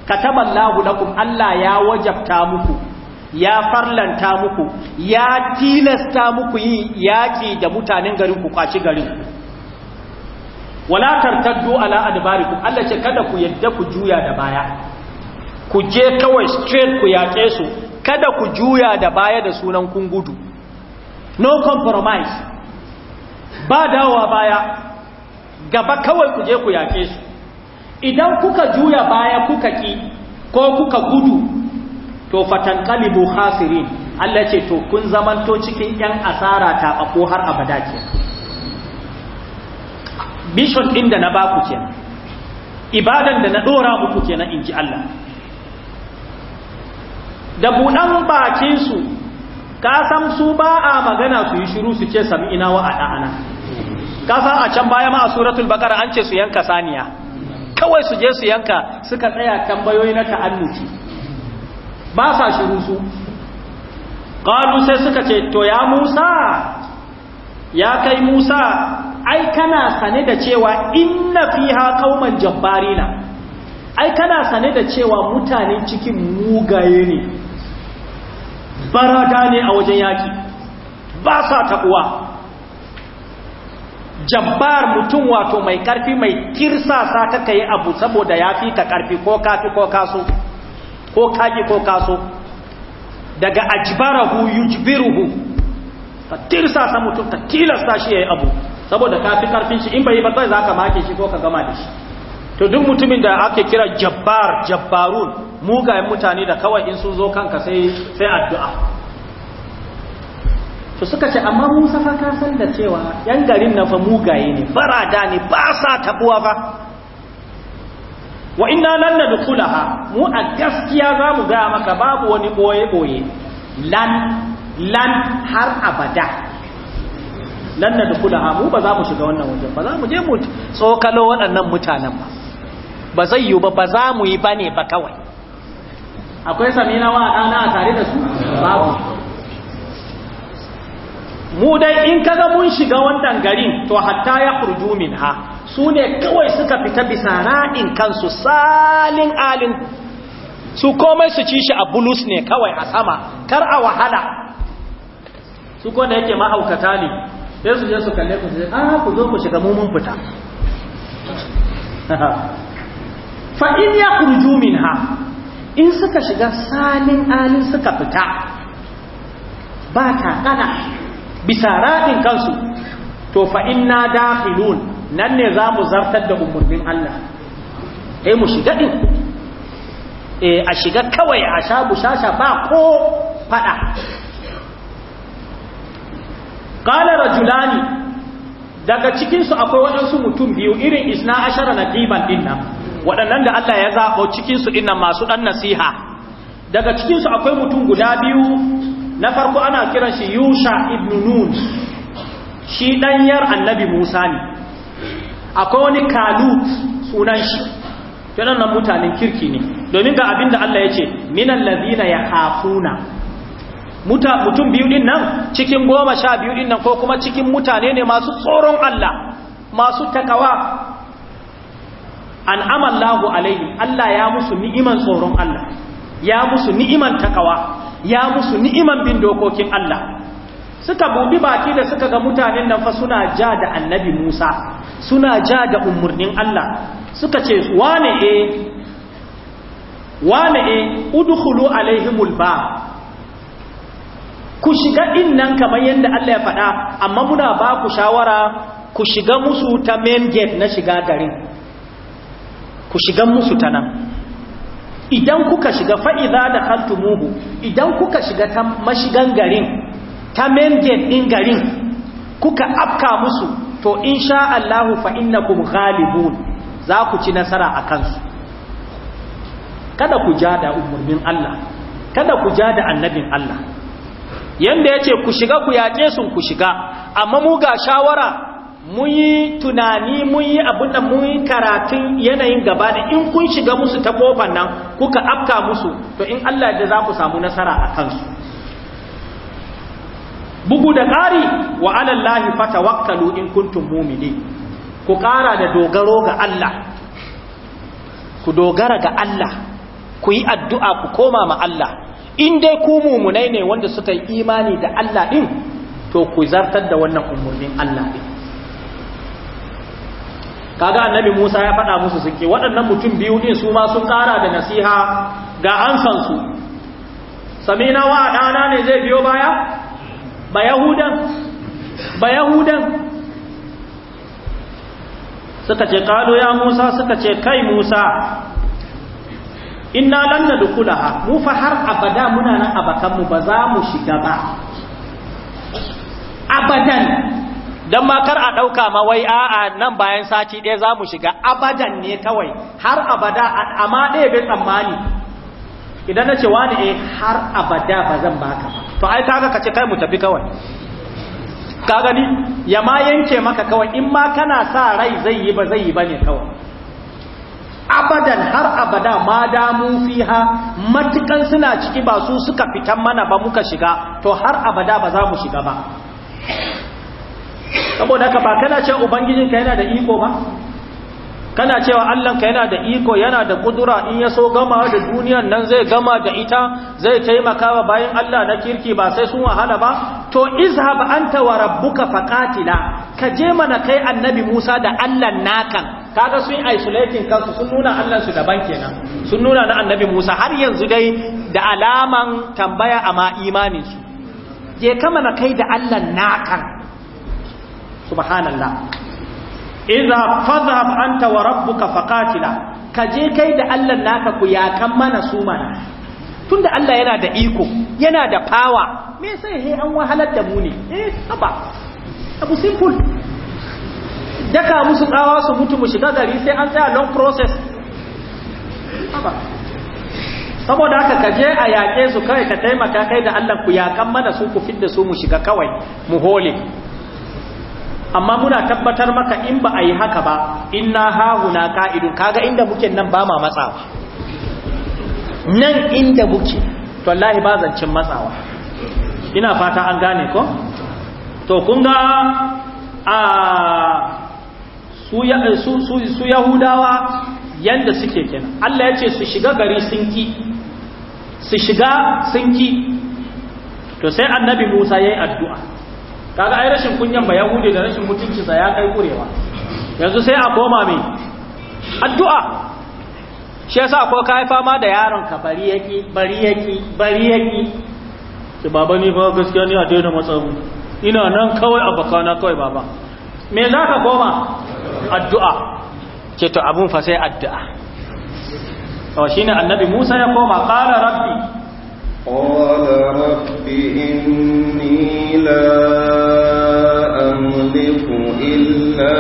kataba Allahu lakum Allah ya wajabta muku ya farlanta muku ya tilasta muku yin yaki da mutanen garin ku kwaci garin ku wala tartaddu ala adbarikum Allah ce kada ku yadda ku juya da baya ku je kawai straight ku yaƙe su kada ku juya da baya da sunan kun gudu no compromise ba dawowa baya gaba kawai ku je ku yaƙe su idan kuka juya baya kuka ƙi ko kuka gudu to fatan kalibu khasirin Allah ce to kun zamanto cikin 'yan asara taɓa ko har abada kenan mission ɗin da na ba ku ibadan da na ɗora muku ke na inji Allah da buɗan bakinsu ka san su ba a magana su yi shiru su ce sami ina wa a ɗa'ana ka san a can baya ma a suratul bakara an ce su yanka saniya kawai su je su yanka suka tsaya tambayoyi na ta'annuki ba sa shiru su ƙalu sai suka ce to ya musa ya kai musa ai kana sane da cewa inna fiha qauman jabbarina ai kana sane da cewa mutane cikin mugaye ne barata ne a wajen yaki ba sa taɓuwa jabbar mutum wato mai karfi mai sa kaka yi abu saboda yafi fi ka karfi ko kafi ko kaso ko kaji ko kaso daga ajbarahu yujbiruhu ka tirsasa mutum ka tilasta shi ya yi abu saboda ka fi karfin shi in bai ba za ka make shi ko ka gama da shi to duk mutumin da ake kira jabbar jabbarun mugayen mutane da kawai in sun zo kanka sai sai addu'a to suka ce amma Musa fa ka san da cewa yan garin na fa mugaye ne barada ne ba sa tabuwa ba wa inna lan nadkhulaha mu a gaskiya za mu ga maka babu wani boye boye lan lan har abada lan na dukula mu ba za mu shiga wannan wajen ba za mu je mu tsokalo waɗannan mutanen ba ba zai yi ba ba za mu yi ba ba kawai akwai samina wa ɗana a tare da su babu mu dai in kaga mun shiga wannan garin to hatta ya kurju min ha su ne kawai suka fita bisa ra'in kansu salin alin su komai su ci shi a bulus ne kawai a sama kar a wahala su ko da yake mahaukata ne sai su je su kalle ku sai a ah, ku zo ku shiga mu mun fita fa in yakhruju minha in suka shiga salin alin suka fita ba ta kana bisa raɗin kansu to fa inna dakhilun nan ne za mu zartar da umurnin Allah eh mu shiga din eh a shiga kawai a sha bushasha ba ko fada qala rajulani daga cikinsu akwai waɗansu mutum biyu irin isna ashara na ɗiban nan waɗannan da Allah ya zaɓo cikinsu ɗinnan masu ɗan nasiha daga cikinsu akwai mutum guda biyu na farko ana kiran shi Yusha ibn Nun shi ɗanyar yar Annabi Musa ne akwai wani Kalut sunan shi waɗannan mutanen kirki ne domin ga abin da Allah ya ce minan lazina ya hafuna mutum biyu din nan cikin goma sha biyu din nan ko kuma cikin mutane ne masu tsoron Allah masu takawa an'aman lahu alaihi Allah ya musu ni'iman tsoron Allah ya musu ni'iman takawa ya musu ni'iman bin dokokin Allah suka buɗi baki da suka ga mutanen nan fa suna ja da annabi Musa suna ja da umarnin Allah suka ce wane e wane e udkhulu alaihimul ba ku shiga din nan kamar yadda Allah ya faɗa amma muna ba ku shawara ku shiga musu ta main gate na shiga garin ku shiga musu ta nan idan kuka shiga fa'iza da haltumuhu idan kuka shiga ta mashigan garin ta main gate ɗin garin kuka afka musu to insha Allahu fa'innakum ghalibun za ku ci nasara a kansu kada ku ja da umarnin Allah kada ku ja da annabin Allah yanda ya ce ku shiga ku yaƙe sun ku shiga amma mu ga shawara mun yi tunani mun yi abin da yi karatun yanayin gaba da in kun shiga musu ta kofar nan kuka afka musu to in Allah da za ku samu nasara a kansu bugu da ƙari wa alallahi wakkalu in kuntum mu'mini ku ƙara da dogaro ga Allah ku dogara ga Allah ku yi addu'a ku koma ma Allah in dai ku mumunai ne wanda suka yi imani da Allah ɗin, to ku zartar da wannan umarnin Allah din kaga annabi Musa ya faɗa musu suke waɗannan mutum biyu din su ma sun ƙara da nasiha ga ansan su samina wa ɗana ne zai biyo baya ba yahudan ba yahudan suka ce ƙalo ya Musa suka ce kai Musa inna lan nadkhulaha mu fa har abada muna nan abakan mu ba za mu shiga ba abadan dan ma kar a dauka ma wai a'a nan bayan sati ɗaya za mu shiga abadan ne kawai har abada amma ɗaya bai tsammani idan na wani eh har abada ba zan baka to ai kaga kace kai mu tafi kawai ka gani ya ma yanke maka kawai in ma kana sa rai zai yi ba zai yi bane kawai abadan har abada ma damu ha matukan suna ciki ba su suka fitan mana ba muka shiga to har abada ba za mu shiga ba saboda ka ba kana cewa ka yana da iko ba kana cewa Allahnka yana da iko yana da kudura in ya so gama da duniyan nan zai gama da ita zai taimaka wa bayan Allah na kirki ba sai sun wahala ba to izhab anta wa rabbuka faqatila ka je mana kai annabi Musa da Allah nakan kaga sun isolating kansu sun nuna Allah su daban kenan sun nuna na annabi Musa har yanzu dai da alaman tambaya amma imanin su je kama na kai da Allah nakan subhanallah idza fadhhab anta wa rabbuka faqatila ka je kai da Allah naka ku kan mana su mana tunda Allah yana da iko yana da power me sai he an wahalar da mu ne eh haba abu simple daka musu tsawa su mutu mu shiga gari sai an tsaya long process saboda haka ka je a yaƙe su kawai ka taimaka kai da Allah ku yaƙan mana su ku fidda su mu shiga kawai mu hole amma muna tabbatar maka in ba a yi haka ba inna hahuna ka'idun kaga inda muke nan ba ma matsawa nan inda muke to wallahi ba zancin matsawa ina fata an gane ko to kun ga a su yahudawa yadda suke kenan Allah ya ce su shiga gari sun ki su shiga sun ki to sai annabi musa ya yi addu'a kaga ai rashin kunyan ba yahudi da rashin mutuncinsa ya kai kurewa yanzu sai a koma mai addu'a shi yasa ko ka haifa ma da yaron ka bari yaki bari yaki bari yaki ki baba ni ba gaskiya ni a daina matsa ina nan kawai a bakana kawai baba me za ka koma addu'a ce to abun fa sai addu'a to shine annabi Musa ya koma qala rabbi qala rabbi inni la amliku illa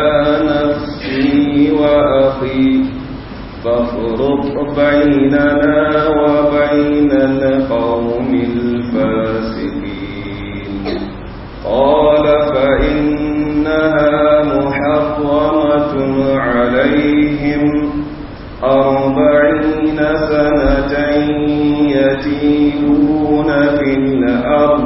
nafsi wa akhi فافرق بيننا وبين القوم الفاسقين قال فإنها عليهم أربعين سنة يتيمون في الأرض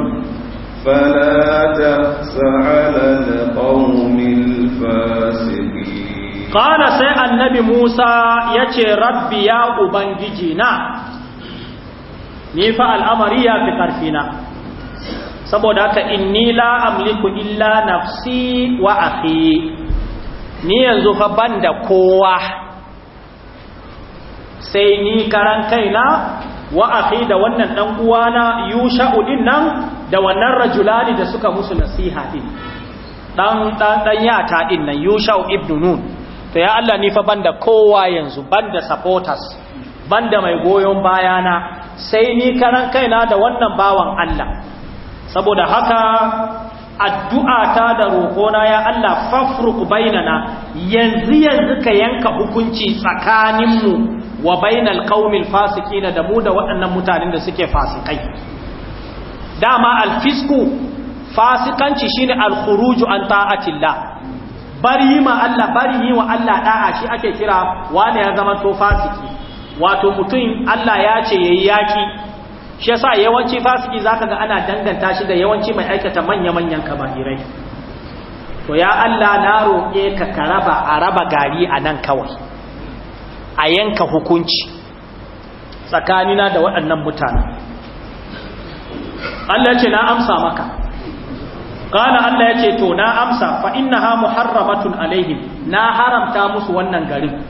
فلا تأس على القوم الفاسقين قال سيء النبي موسى يتي ربي يا أبنجينا نيفا الأمر يا في قرفنا saboda haka inni la amliku illa nafsi wa akhi ni yanzu fa banda kowa sai ni karan kaina wa akhi da wannan dan uwana yusha'u din nan da wannan rajulani da suka musu nasiha din dan dan dan yata din nan yusha'u ibnu nun to ya Allah ni fa banda kowa yanzu banda supporters banda mai goyon bayana sai ni karan kaina da wannan bawan Allah saboda haka Addu'a ta da roƙona ya Allah fafruq bainana yanzu yanzu ka yanka hukunci tsakaninmu wa bainal qaumil fasiqina da mu da waɗannan mutanen da suke fasikai dama alfisku fasikanci shine Alkuruju, an ta'atillah bari ma Allah bari yi wa Allah da'a shi ake kira wani ya zama to fasiki wato mutum Allah ya ce yayi yaƙi. shi yasa yawanci fasiki zaka ga ana danganta shi da yawanci mai aikata manya-manyan kaba'irai to ya Allah na roƙe ka ka raba a raba gari a nan kawai a yanka hukunci tsakanina da waɗannan mutane Allah ce na amsa maka ƙana Allah ya ce to na amsa fa inna ha muharramatun alaihim na haramta musu wannan garin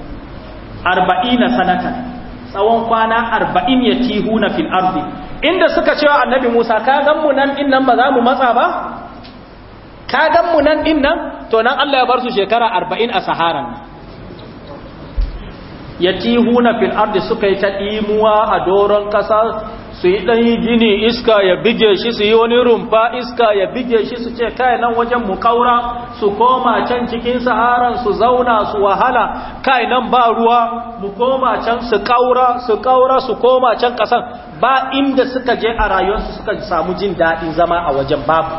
arba'ina sanatan tsawon kwana arba'in ya tihu na ardi inda suka cewa annabi musa ka gan mu nan in nan ba za mu matsa ba ka gan mu nan in nan to nan allah ya bar su shekara arba'in a saharan nan ya tihu na ardi suka yi ta ɗimuwa a doron ƙasa su yi ɗanyi gini iska ya bige shi su yi wani rumfa iska ya bige shi su ce kai nan wajen mukaura su koma can cikin saharan su zauna su wahala kai nan ba ruwa mu koma can su kaura su kaura su koma can kasan ba inda suka je a rayuwarsu suka samu jin daɗin zama a wajen babu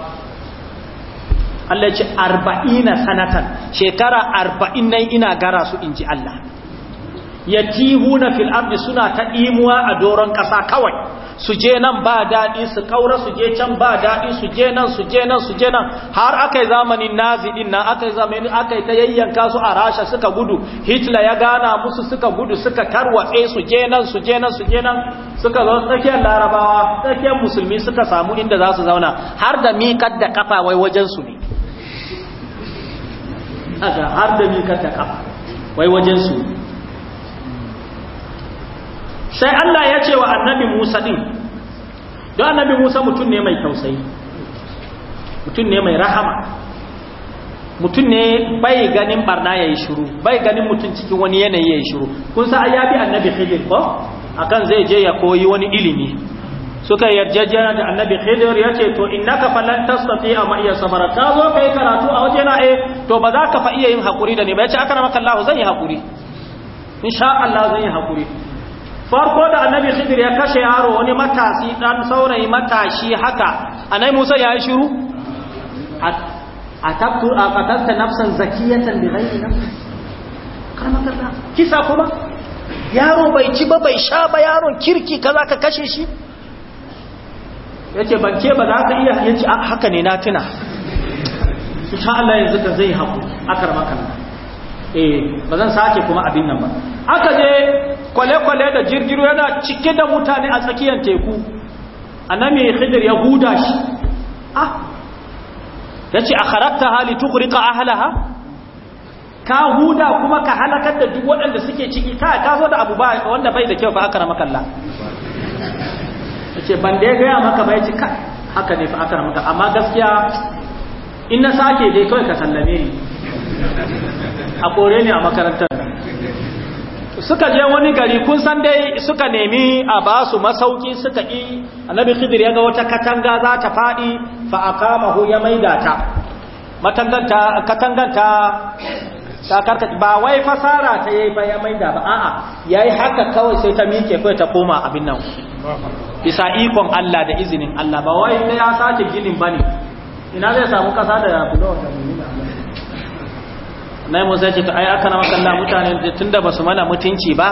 Allah ce arba'ina sanatan shekara arba'in nan ina gara su in ji Allah yatihuna fil ardi suna ta imuwa a doron ƙasa kawai su je nan ba daɗi su kaura su je can ba daɗi su je nan su je nan su je nan har aka yi zamanin nazi din nan aka yi zamanin aka yi ta yayyanka su a rasha suka gudu hitler ya gana musu suka gudu suka tarwatse su je nan su je nan su je nan suka zo tsakiyar larabawa tsakiyar musulmi suka samu inda za su zauna har da miƙar da kafa wai wajen su ne har da miƙar da kafa wai wajen su ne sai Allah ya ce wa annabi Musa din don annabi Musa mutum ne mai tausayi mutum ne mai rahama mutum ne bai ganin barna ya yi shiru bai ganin mutum cikin wani yanayi ya yi shiru kun sa ya bi annabi khidir ko akan zai je ya koyi wani ilimi suka yarjejjena da annabi khidir ya ce to innaka falan tastati amma iya sabara ka zo kai karatu a wajena eh to ba za ka fa iya yin hakuri da ni ba ya ce aka maka Allah zan yi hakuri insha Allah zan yi hakuri farko da annabi khidir ya kashe yaro wani matasi dan saurayi matashi haka anai musa ya yi shiru a tabtu a fatanta nafsan zakiyatan bi ghairi nafsin karama karama kisa kuma yaro bai ci ba bai sha ba yaron kirki kaza ka kashe shi yace banke ba za ka iya yace haka ne na tuna insha Allah yanzu ka zai haƙu akar makan eh ba zan sake kuma abin nan ba aka je kwale-kwale da jirgiro yana cike da mutane a tsakiyar teku mai khidir ya guda shi ah yace akharaqta hali tukhriqa ahlaha ka huda kuma ka halakar da duk waɗanda suke ciki ka ka zo da abu ba wanda bai da kyau ba aka ramaka Allah ce ban da gaya maka bai ci ka haka ne fa aka ramaka amma gaskiya in na sake dai kawai ka sallame ni a kore ni a makarantar suka je wani gari kun san dai suka nemi a ba su masauki suka yi annabi khidir ya ga wata katanga za ta faɗi fa aqamahu ya maida ta matanganta katanganta ta karka ba wai fasara ta yayi ba ya maida ba a'a yayi haka kawai sai ta mike kai ta koma abin nan bisa ikon Allah da izinin Allah ba wai ya sace ginin bane ina zai samu kasa da bulo da mina mu musa ce to ai aka na makalla mutane tunda basu mana mutunci ba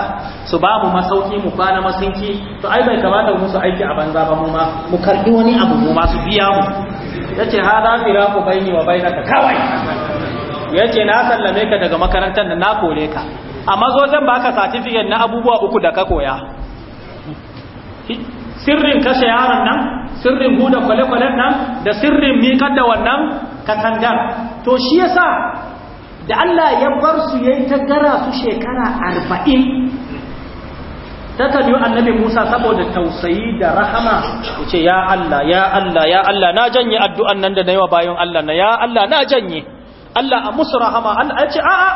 su babu masauki mu kwana masunki to ai bai kamata mu su aiki a banza ba mu ma mu karbi wani abu mu ma su biya mu yace ha za fira ku baini wa bainaka kawai yace na sallame ka daga makarantar da na kore ka amma zo zan baka certificate na abubuwa uku da ka koya sirrin kashe yaron nan sirrin buɗe kwale-kwalen nan da sirrin miƙar da wannan katangar to shi yasa da Allah ya bar su yayi ta gara su shekara arba'in ta tabi annabi Musa saboda tausayi da rahama yace ya Allah ya Allah ya Allah na janye addu'an nan da nayi wa bayan Allah na ya Allah na janye Allah a musu rahama Allah yace a a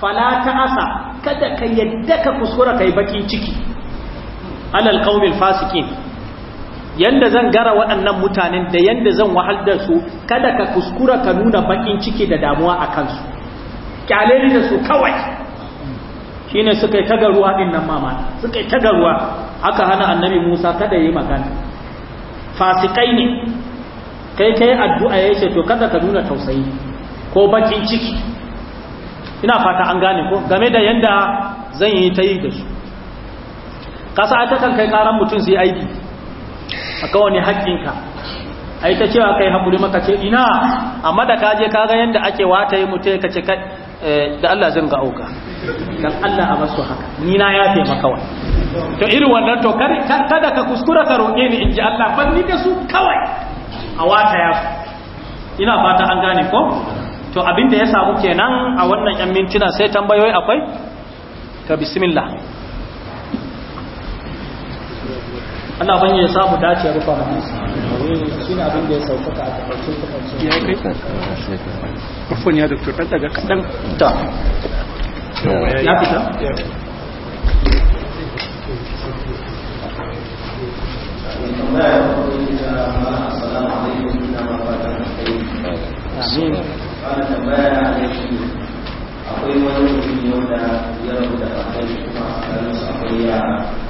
fala ta'asa kada ka yadda ka kuskura kai bakin ciki alal qaumil fasikin yanda zan gara waɗannan mutanen da yanda zan wahal da su kada ka kuskura ka nuna bakin ciki da damuwa a kansu kyale da su kawai shi ne suka yi tagarwa in nan mama suka yi tagarwa aka hana annabi Musa kada yi magana fasikai ne kai yi addu'a ya ce to kada ka nuna tausayi ko bakin ciki ina fata an gane ko game da yadda zan yi ta yi da su kasa a takan kai karan mutum yi aiki a kawane haƙƙinka a yi ta cewa kai haƙuri maka ce ina amma da ka ga kaga yadda ake wata yi mutu ka ce Eh, da Allah zan ga auka dan Allah a masu haka ni na yafe maka wa to irin wannan to kada ka kuskura ka roke ni inji Allah ban ni da su kawai a wata ya ina fata an gane ko to abinda ya samu kenan a wannan yan mintuna sai tambayoyi akwai ta bismillah Allah ban ya samu dace rufa mana shi ne abin da ya saukaka a takaice takaice ya kai kafin ya doktor dan daga kadan ta ya fita akwai wani mutum yau da ya da akwai kuma a akwai yara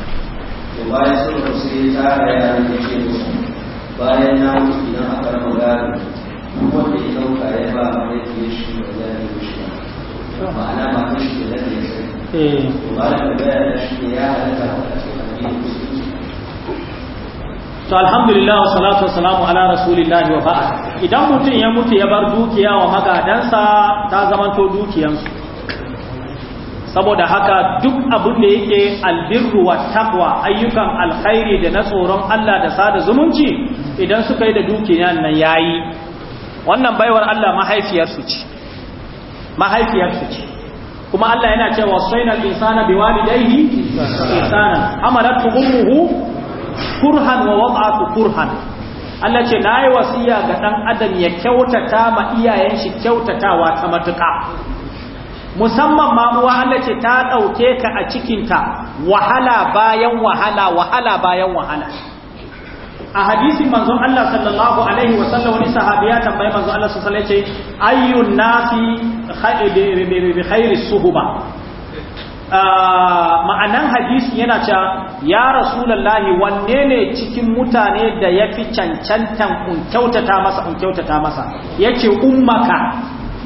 to bayan sun rasu ya tara yaran da ce musu bayan na mutu idan aka rama gado duk wanda ya dauka ya ba a mai fiye shi ba za a yi shi ba ma'ana ba ta shi da zai yi sai eh. to bayan da bayan da shi ya halatta a cikin addinin musulunci to alhamdulillah wa salatu wa salamu ala rasulillahi wa ba'a idan mutum ya mutu ya bar dukiya wa magadansa ta zamanto dukiyansu saboda haka duk abin da yake albirru wa taqwa ayyukan alkhairi da na tsoron Allah da sada zumunci idan suka yi da dukiyan nan yayi wannan baiwar Allah mahaifiyar su ce mahaifiyar su ce kuma Allah yana cewa sainal insana biwalidayhi insana amaratu ummuhu kurhan wa wad'atu kurhan Allah ce nayi wasiya ga dan adam ya kyautata ma iyayen shi kyautatawa ta matuƙa musamman ma uwa Allah ce ta ɗauke ka a cikinta wahala bayan wahala wahala bayan wahala a hadisin manzon Allah sallallahu alaihi wa sallam wani sahabi ya tambayi manzon Allah sallallahu alaihi ce ayyun nasi bi khairi suhuba ma'anan hadisi yana cewa ya rasulullahi wanne ne cikin mutane da yafi cancantan un kyautata masa un kyautata masa yace ummaka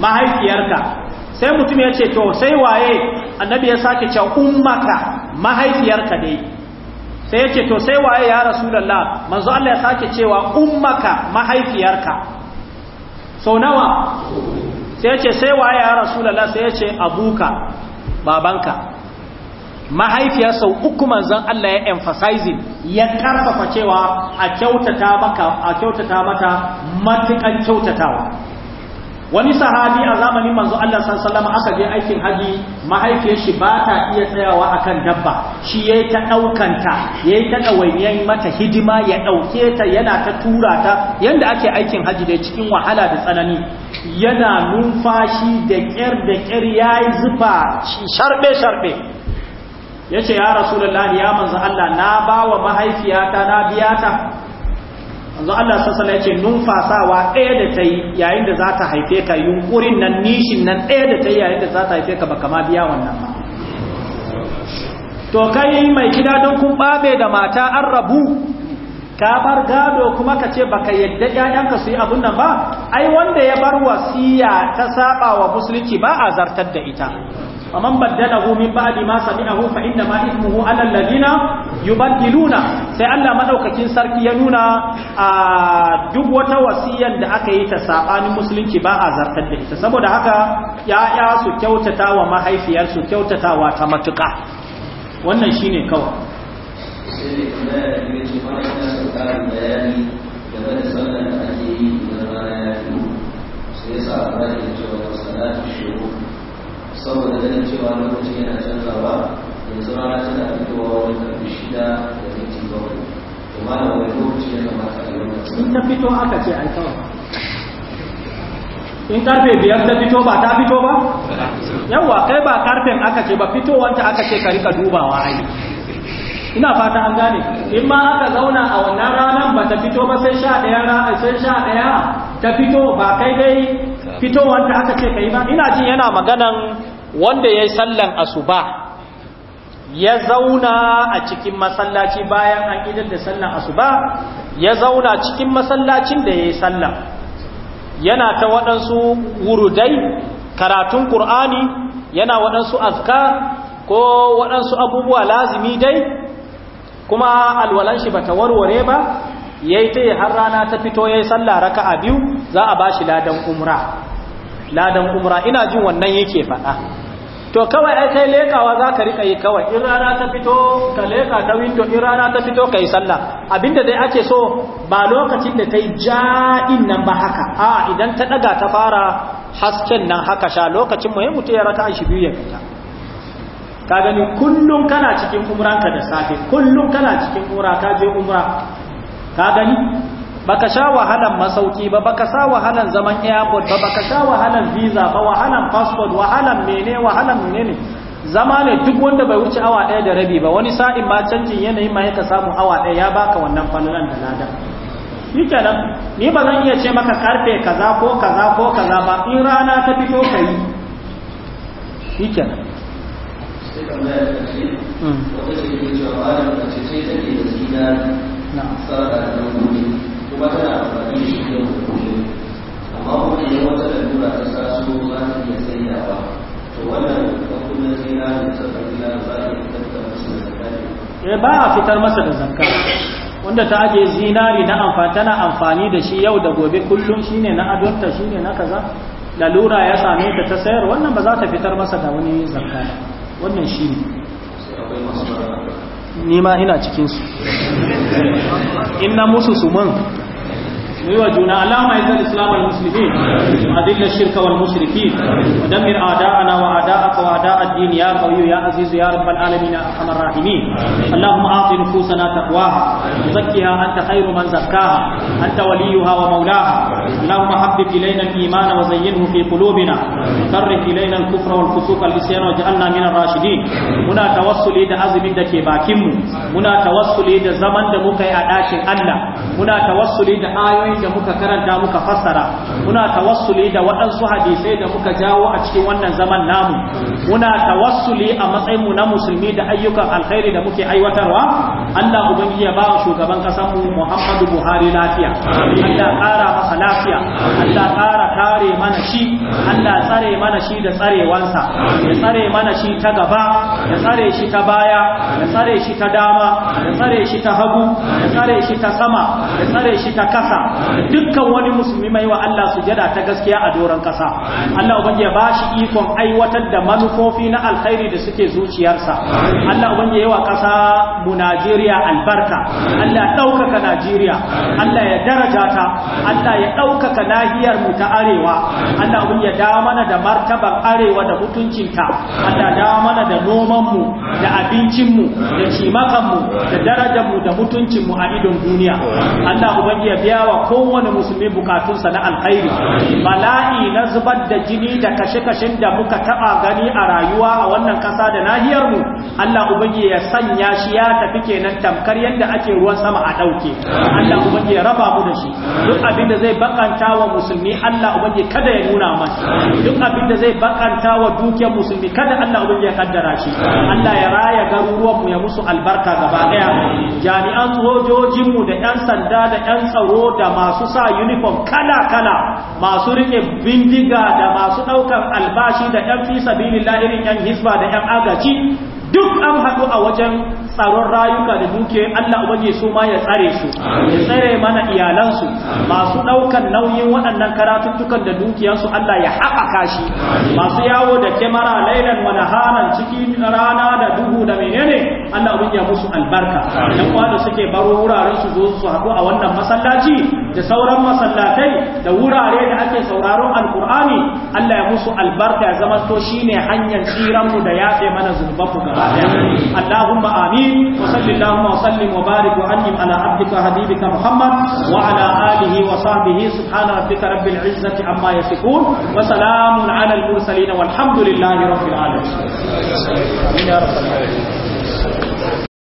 mahaifiyarka sai mutum ya ce to sai waye annabi ya sake ce ummaka mahaifiyarka dai sai ya ce to sai waye ya rasulullah manzo Allah ya sake cewa ummaka mahaifiyarka so nawa sai ya ce sai waye ya rasulullah sai ya ce abuka babanka mahaifiyar sau uku manzon Allah ya emphasizing ya karfafa cewa a kyautata maka a kyautata mata matukan kyautatawa wani sahabi a zamanin manzo Allah sallallahu aka je aikin haji mahaifiyar shi ba ta iya tsayawa akan dabba shi yayi ta daukan ta yayi ta dawainiyan mata hidima ya dauke ta yana ta tura ta yanda ake aikin haji da cikin wahala da tsanani yana numfashi da kyar da kyar yayi zufa sharbe sharbe yace ya rasulullahi ya manzo Allah na bawa mahaifiyata na biyata manzo Allah sassala ya ce numfasawa ɗaya da ta yi yayin da za ta haife ka yunkurin nan nishin nan ɗaya da ta yi yayin da za ta haife ka ba kama biya wannan ba to kai mai gida don kun ɓabe da mata an rabu ka bar gado kuma ka ce baka yadda ƴaƴanka su yi abun nan ba ai wanda ya bar wasiya ta saba wa musulunci ba a zartar da ita faman baddalahu min ba'di ma sami'ahu fa inna ma ismuhu 'ala alladhina yubaddiluna sai Allah madaukakin sarki ya nuna a duk wata wasiyan da aka yi ta sabanin musulunci ba a zartar da ita saboda haka ya'ya su kyautata wa mahaifiyarsu kyautatawa ta matuƙa wannan shine kawai sai ya ce ba ta bayani game da sallar da ake yi da rana ya sai sa ba ya ce wa salatu saboda ganin cewa lokaci yana canzawa yanzu rana tana fitowa wani karfi shida da minti bakwai to da wani lokaci yana ba a yau in ta fito aka ce ai kawai in karfe biyar ta fito ba ta fito ba yawwa kai ba karfen aka ce ba fito wanta aka ce ka rika dubawa ai ina fata an gane in ma aka zauna a wannan ranar ba ta fito ba sai sha ɗaya ranar sai sha ɗaya ta fito ba kai dai Fito wanta aka ce ka yi ba ina jin yana maganan wanda ya yi sallan asuba ya zauna a cikin masallaci bayan an idan da sallan asuba ya zauna cikin masallacin da ya yi sallan yana ta waɗansu wurudai karatun ƙur'ani yana waɗansu aska, ko waɗansu abubuwa lazimi dai kuma alwalan shi ta warware ba yi ta yi har rana ta fito ya yi sallah raka'a biyu za a ba bashi ladan umra ladan umra ina jin wannan yake faɗa to kawai ai kai lekawa za ka riƙa yi kawai in rana ta fito ka leka ta window in rana ta fito ka yi sallah abinda dai ake so ba lokacin da ta yi ja'in nan ba haka a idan ta ɗaga ta fara hasken nan haka sha lokacin mu ya mutu ya raka shi biyu ya fita ka gani kullum kana cikin umranka da safe kullum kana cikin umra ka je umra ka gani baka sha wahalan masauki ba baka sha wahalan zaman airport ba baka sha wahalan visa ba wahalan passport wahalan mene wahalan menene zama ne duk wanda bai wuce awa ɗaya da rabi ba wani sa'in ba canjin yanayin ma yaka samu awa ɗaya ya baka wannan fannin da lada shi kenan ni ba zan iya ce maka karfe kaza ko kaza ko kaza ba in rana ta fito ka yi shi kenan Mm. kuma tana amfani da shi yau da kullum amma kuma idan wata lalura ta taso za ta iya ba, to wannan hukunan zinari da tsakakila za ta iya fitar masa da zakka ba a fitar masa da zakka wanda ta ajiye zinari na amfani tana amfani da shi yau da gobe kullum shine na adonta shine na kaza lalura ya same ta ta sayar wannan ba za ta fitar masa da wani zakka wannan shi ne ni ma ina cikinsu in na musu su suman ويوجونا اللهم اعز الاسلام والمسلمين واذل الشرك والمشركين ودمر اعداءنا واعداءك واعداء الدين يا قوي يا عزيز يا رب العالمين يا ارحم الراحمين اللهم اعط نفوسنا تقواها وزكها انت خير من زكاها انت وليها ومولاها اللهم حبب الينا الايمان وزينه في قلوبنا وكره الينا الكفر والفسوق والعصيان واجعلنا من الراشدين muna tawassuli da azumin da ke bakinmu muna tawassuli da zaman da muka yi a ɗakin Allah muna tawassuli da ayoyin da muka karanta muka fassara muna tawassuli da waɗansu hadisai da muka jawo a cikin wannan zaman namu muna tawassuli a matsayin mu na musulmi da ayyukan alkhairi da muke aiwatarwa Allah ubangiji ya ba shugaban kasar mu Muhammadu Buhari lafiya Allah ƙara masa lafiya Allah ƙara kare mana shi Allah tsare mana shi da tsarewansa ya tsare mana shi ta gaba ya tsare shi ta baya ya tsare shi ta dama ya tsare shi ta hagu ya tsare shi ta sama ya tsare shi ta kasa dukkan wani musulmi mai wa Allah sujada ta gaskiya a doron kasa Allah ubangi ya bashi ikon aiwatar da manufofi na alkhairi da suke zuciyarsa Allah ubangi ya wa kasa mu Najeriya albarka Allah ya daukaka Najeriya Allah ya daraja ta Allah ya daukaka nahiyar mu ta arewa Allah ubangi ya da mana da martaban arewa da mutuncinta Allah da mana da noman mu da abincin mu da cimakan mu da darajar mu da mutuncin mu a idon duniya Allah ubangi ya biya wa kowane musulmi bukatunsa na alkhairi bala'i na zubar da jini da kashe-kashen da muka taba gani a rayuwa a wannan kasa da nahiyar mu Allah ubangi ya sanya shi ya tafi kenan tamkar yadda ake ruwan sama a dauke Allah ubangi ya raba mu da shi duk zai bakanta wa musulmi Allah ubangi kada ya nuna masa duk abin zai bakanta wa dukiyar musulmi kada Allah ubangi ya kaddara shi Allah ya raya garuruwan mu ya musu albarka gaba daya jami'an sojojin mu da yan sanda da yan tsaro da masu sa uniform kala-kala masu rike bindiga da masu ɗaukar albashi da 'yan fi sabilillah irin 'yan hisba da 'yan agaci duk an haɗu a wajen tsaron rayuka da duke Allah ubangiji su ma ya tsare su ya tsare mana iyalansu masu daukan nauyin waɗannan karatuttukan da dukiyarsu Allah ya haɓaka shi masu yawo da kemara lailan wa naharan cikin rana da duhu da menene Allah ubangiji ya musu albarka dan kwa da suke baro wuraren su zo su haɗu a wannan masallaci da sauran masallatai da wurare da ake sauraron alkur'ani Allah ya musu albarka ya zama to shine hanyar tsiranmu da yafe mana zunubanmu gaba Allahumma amin العظيم وصل اللهم وسلم وبارك وأنم على عبدك وحبيبك محمد وعلى آله وصحبه سبحان ربك رب العزة عما يصفون وسلام على المرسلين والحمد لله رب العالمين